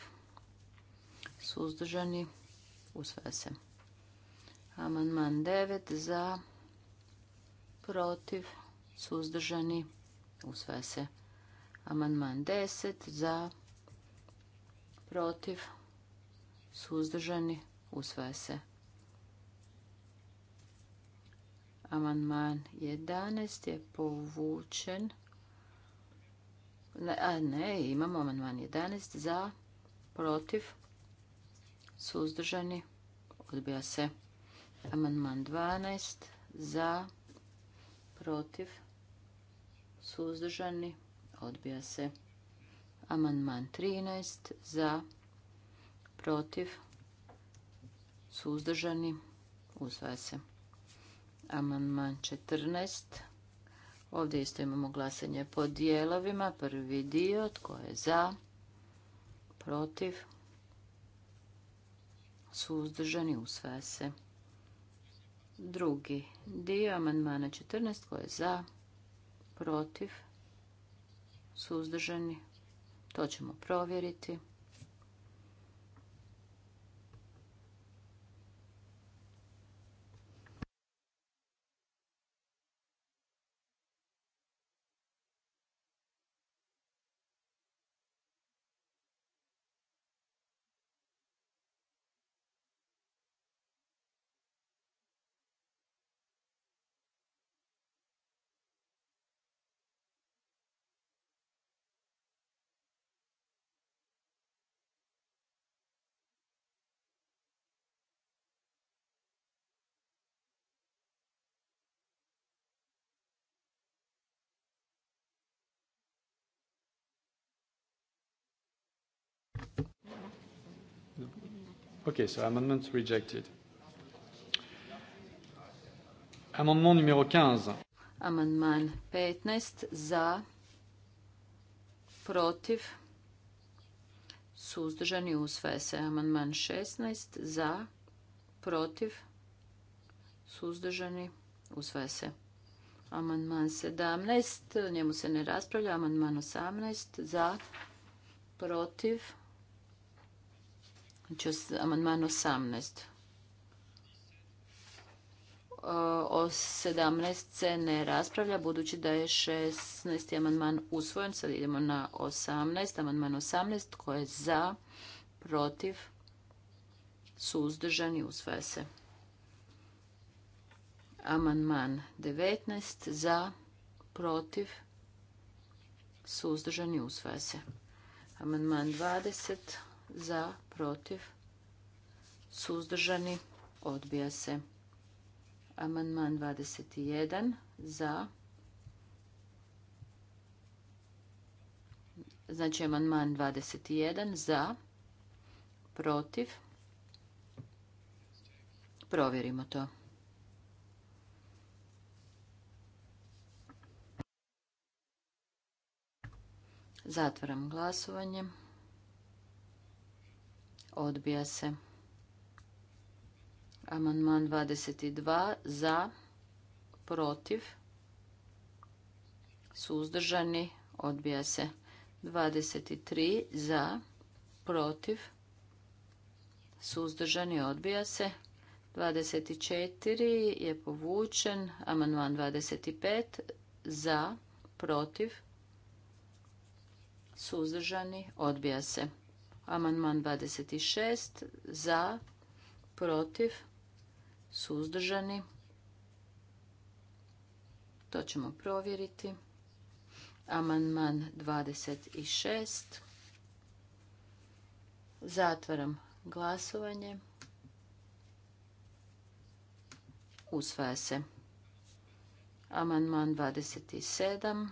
suzdržani, usvaja se. Amandman 9 za, protiv, suzdržani, usvaja se. Amandman 10 za, protiv, suzdržani, usvaja se. Amandman 11 je povučen. Ne, a ne, imamo amandman 11 za, protiv, suzdržani, odbija se. Amandman 12 za, protiv, suzdržani, odbija se. Amandman 13 za, protiv, suzdržani, usvaja se. Amandman 14. Ovdje isto imamo glasanje po dijelovima. Prvi dio, tko je za, protiv, suzdržani, u se. Drugi dio amandmana 14 koji je za, protiv, suzdržani, to ćemo provjeriti. Okay, so amendment rejected. Amendement numéro 15. Amandman 15 za, protiv, suzdržani usvaja se. Amandman 16 za, protiv, suzdržani usvaja se. Amandman 17, njemu se ne raspravlja. Amandman 18 za, protiv, Znači, amandman 18. O 17 se ne raspravlja, budući da je 16. amandman usvojen. Sad idemo na 18. Amandman 18, koji je za, protiv, suzdržan i usvaja se. Amandman 19, za, protiv, suzdržan i usvaja se. Amandman 20, za, protiv, suzdržani, odbija se. Amandman 21 za, znači amandman 21 za, protiv, provjerimo to. Zatvaram glasovanje. Odbija se. Amandman 22 za, protiv, suzdržani, odbija se. 23 za, protiv, suzdržani, odbija se. 24 je povučen, amandman 25 za, protiv, suzdržani, odbija se. Amandman 26 za, protiv, suzdržani. To ćemo provjeriti. Amandman 26. Zatvaram glasovanje. Usvaja se. Amandman 27.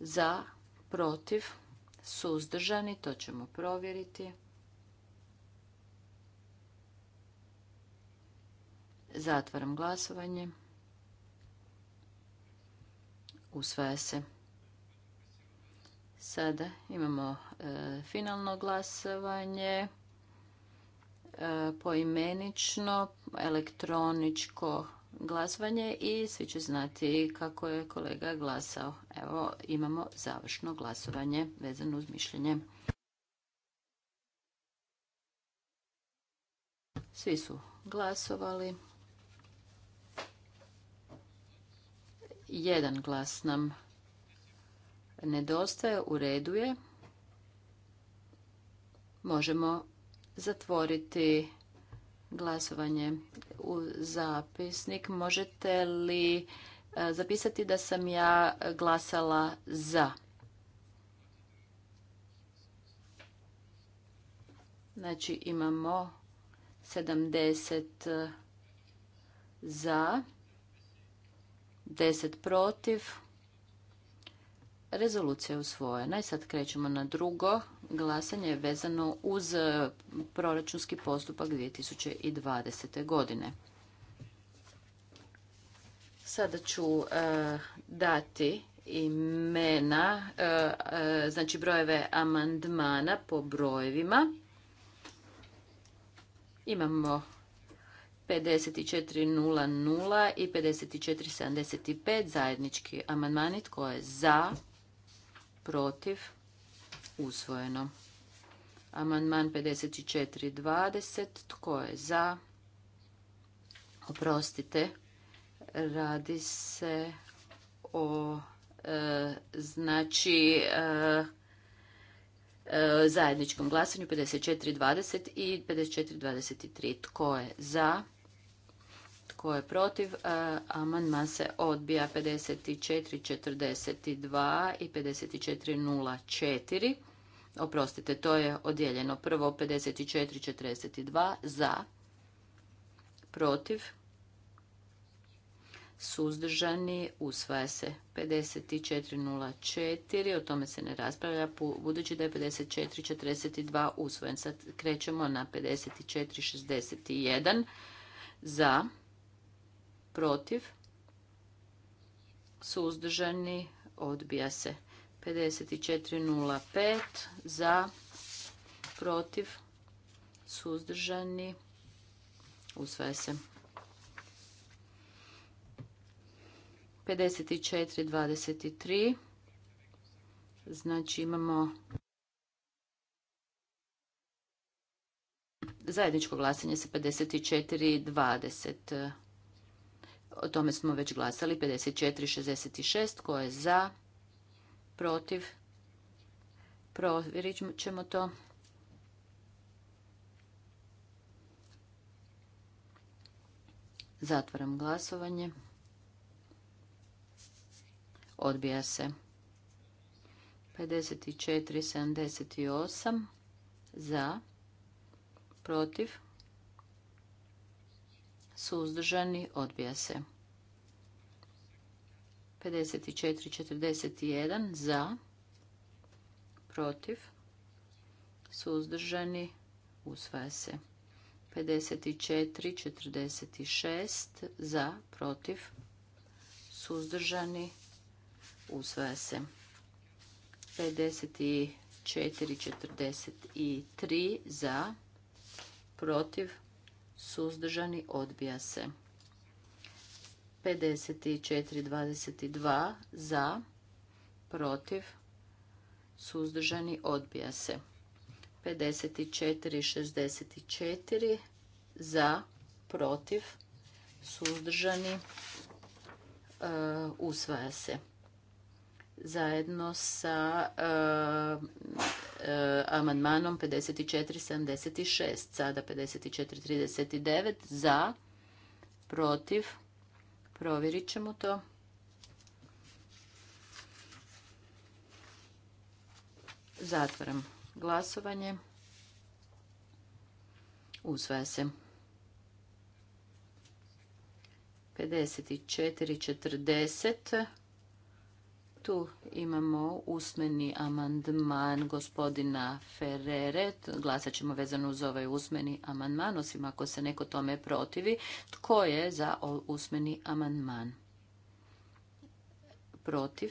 Za, protiv, suzdržani suzdržani, to ćemo provjeriti. Zatvaram glasovanje. Usvaja se. Sada imamo e, finalno glasovanje, e, poimenično, elektroničko glasovanje i svi će znati kako je kolega glasao. Evo imamo završno glasovanje vezano uz mišljenje. Svi su glasovali. Jedan glas nam nedostaje, u redu je. Možemo zatvoriti glasovanje u zapisnik. Možete li e, zapisati da sam ja glasala za? Znači imamo 70 e, za, 10 protiv, Rezolucija je usvojena i sad krećemo na drugo. Glasanje vezano uz e, proračunski postupak 2020. godine. Sada ću e, dati imena, e, znači brojeve amandmana po brojevima. Imamo 54.00 i 54.75 zajednički amandmani. koje je za? protiv, usvojeno. Amandman 54.20, tko je za, oprostite, radi se o, e, znači, e, e, zajedničkom glasanju 54.20 i 54.23. Tko je za? Tko je protiv? E, amandman se odbija 54.42 i 54.04. Oprostite, to je odjeljeno. Prvo 54.42 za, protiv, suzdržani, usvaja se 54.04. O tome se ne raspravlja, budući da je 54.42 usvojen. Sad krećemo na 54.61 za, protiv, protiv, suzdržani, odbija se. 54.05 za, protiv, suzdržani, usvaja se. 54.23 znači imamo zajedničko glasanje sa 54.20 o tome smo već glasali. 54, 66. Ko je za? Protiv? Provjerit ćemo to. Zatvaram glasovanje. Odbija se. 54, 78. Za. Protiv? suzdržani, odbija se. 54-41 za, protiv, suzdržani, usvaja se. 54-46 za, protiv, suzdržani, usvaja se. 54.43 za, protiv, suzdržani, suzdržani, odbija se. 54.22 za, protiv, suzdržani, odbija se. 54.64 za, protiv, suzdržani, e, usvaja se zajedno sa e, e amandmanom 54.76, sada 54.39, za, protiv, provjerit ćemo to. Zatvaram glasovanje. Usvaja se. 54.40 tu imamo usmeni amandman gospodina Ferrere. Glasat ćemo vezano uz ovaj usmeni amandman, osim ako se neko tome protivi. Tko je za usmeni amandman? Protiv?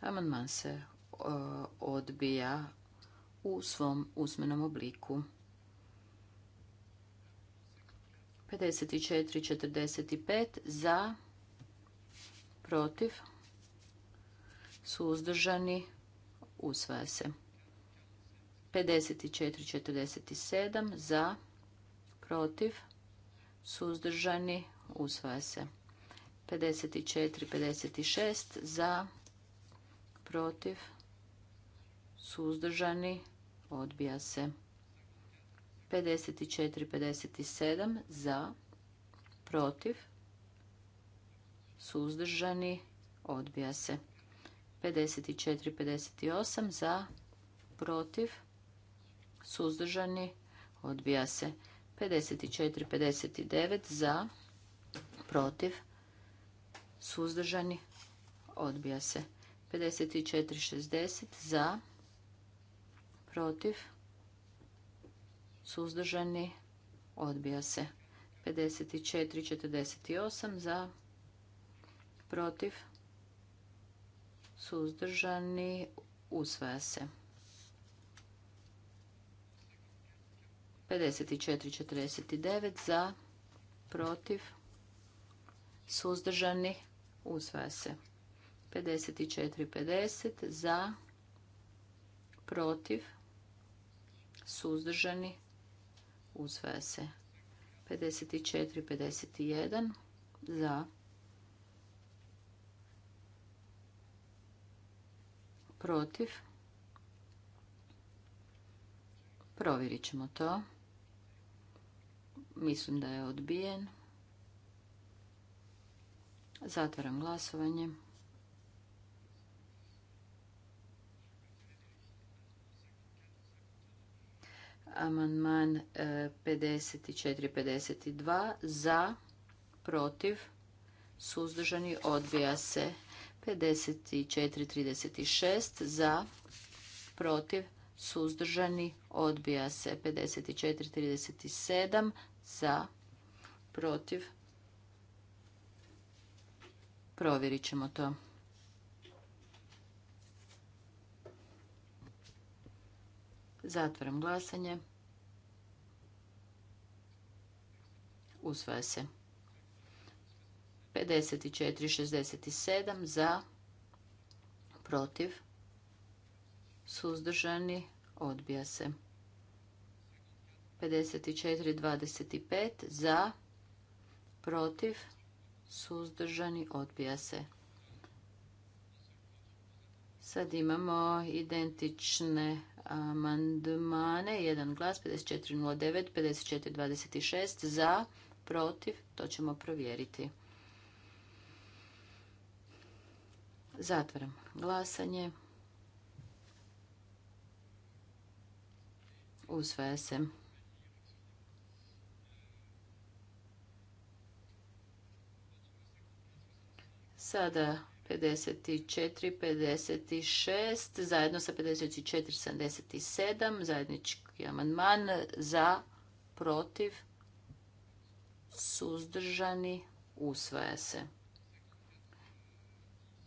Amandman se odbija u svom usmenom obliku. 54, 45 za protiv, suzdržani, usvaja se. 54-47 za, protiv, suzdržani, usvaja se. 54-56 za, protiv, suzdržani, odbija se. 54-57 za, protiv, suzdržani, odbija se. 54, 58 za, protiv, suzdržani, odbija se. 54, 59 za, protiv, suzdržani, odbija se. 54, 60 za, protiv, suzdržani, odbija se. 54, 48 za, protiv, protiv, suzdržani, usvaja se. 54-49 za, protiv, suzdržani, usvaja se. 54-50 za, protiv, suzdržani, usvaja se. 54-51 za, protiv. Provjerit ćemo to. Mislim da je odbijen. Zatvaram glasovanje. Amandman 54-52 e, za, protiv, suzdržani, odbija se 54.36 za, protiv, suzdržani, odbija se. 54.37 za, protiv, provjerit ćemo to. Zatvaram glasanje. Usvaja se. 54,67 za, protiv, suzdržani, odbija se. 54,25 za, protiv, suzdržani, odbija se. Sad imamo identične amandmane. Jedan glas, 54.09, 54.26 za, protiv, to ćemo provjeriti. Zatvaram glasanje. Usvaja se. Sada 54, 56, zajedno sa 54, 77, zajednički amandman za, protiv, suzdržani, usvaja se.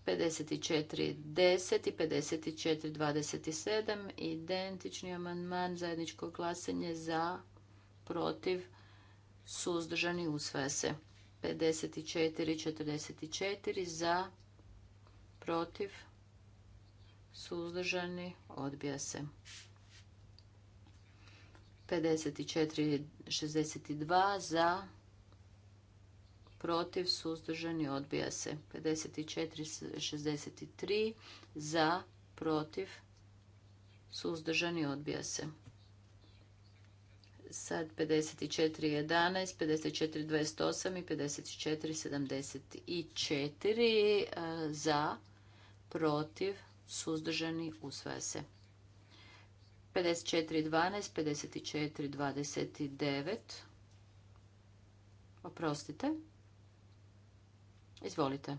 54.10 i 54.27. Identični amandman zajedničko glasanje za, protiv, suzdržani usvaja se. 54.44 za, protiv, suzdržani odbija se. 54.62 za, protiv, suzdržani, odbija se. 54, 63, za, protiv, suzdržani, odbija se. Sad 54, 11, 54, 28 i 54, 74, e, za, protiv, suzdržani, usvaja se. 54, 12, 54, 29, oprostite. Izvolite.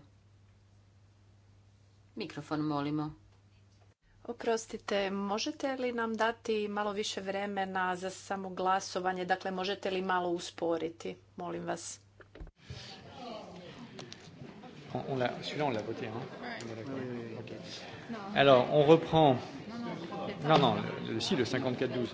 Mikrofon molimo. Oprostite, možete li nam dati malo više vremena za samo glasovanje? Dakle, možete li malo usporiti? Molim vas. On l'a, celui-là on l'a voté, hein okay. Alors, on reprend. Non, non, le, si, le 54-12.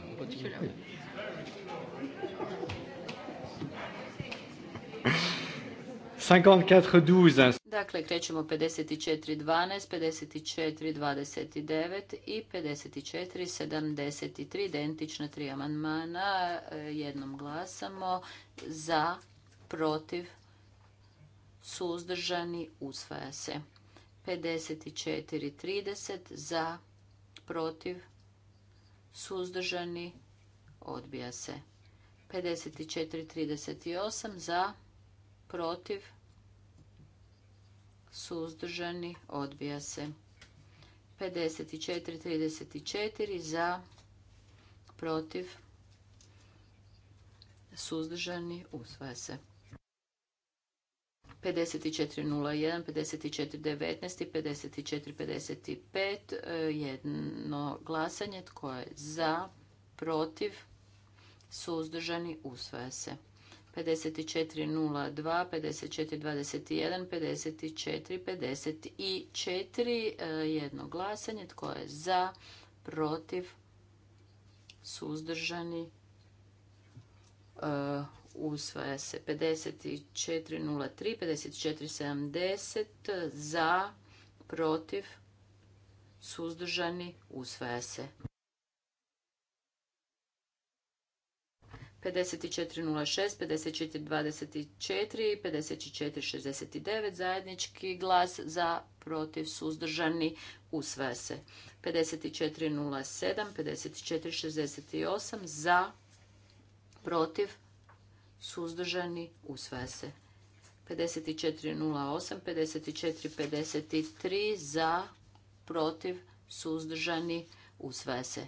54-12. Dakle, krećemo 54-12, 54-29 i 54-73, identične tri amandmana, e, jednom glasamo za, protiv, suzdržani, usvaja se. 54-30 za, protiv, suzdržani, odbija se. 54-38 za, protiv, suzdržani suzdržani, odbija se. 54, 34 za, protiv, suzdržani, usvaja se. 54.01, 54.19 i 54.55 e, jedno glasanje. Tko je za, protiv, suzdržani, usvaja se. 5402, 5421, 5454, eh, jedno glasanje, tko je za, protiv, suzdržani, eh, usvaja se 5403, 5470, za, protiv, suzdržani, usvaja se. 5406, 5424, 5469 zajednički glas za protiv suzdržani usvaja se. 5407, 5468 za protiv suzdržani usvaja se. 5408, 5453 za protiv suzdržani usvaja se.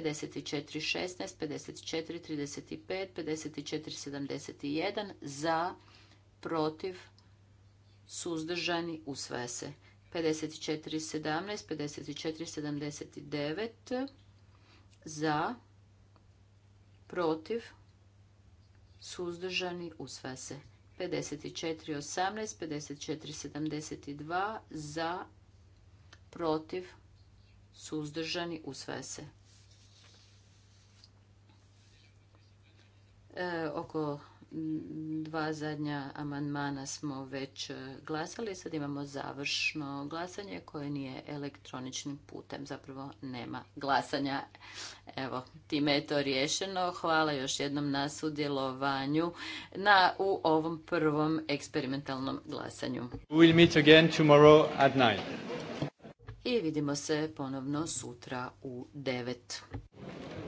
54 16, 54, 35, 54, 71, za, protiv suzdržani usvaja se. 54 17, 54, 79, za protiv suzdržani usvaja se. 54, 18, 54, 72, za protiv suzdržani usvaja se. E, oko dva zadnja amandmana smo već e, glasali. Sad imamo završno glasanje koje nije elektroničnim putem. Zapravo nema glasanja. Evo, time je to riješeno. Hvala još jednom na sudjelovanju na, u ovom prvom eksperimentalnom glasanju. I vidimo se ponovno sutra u 9.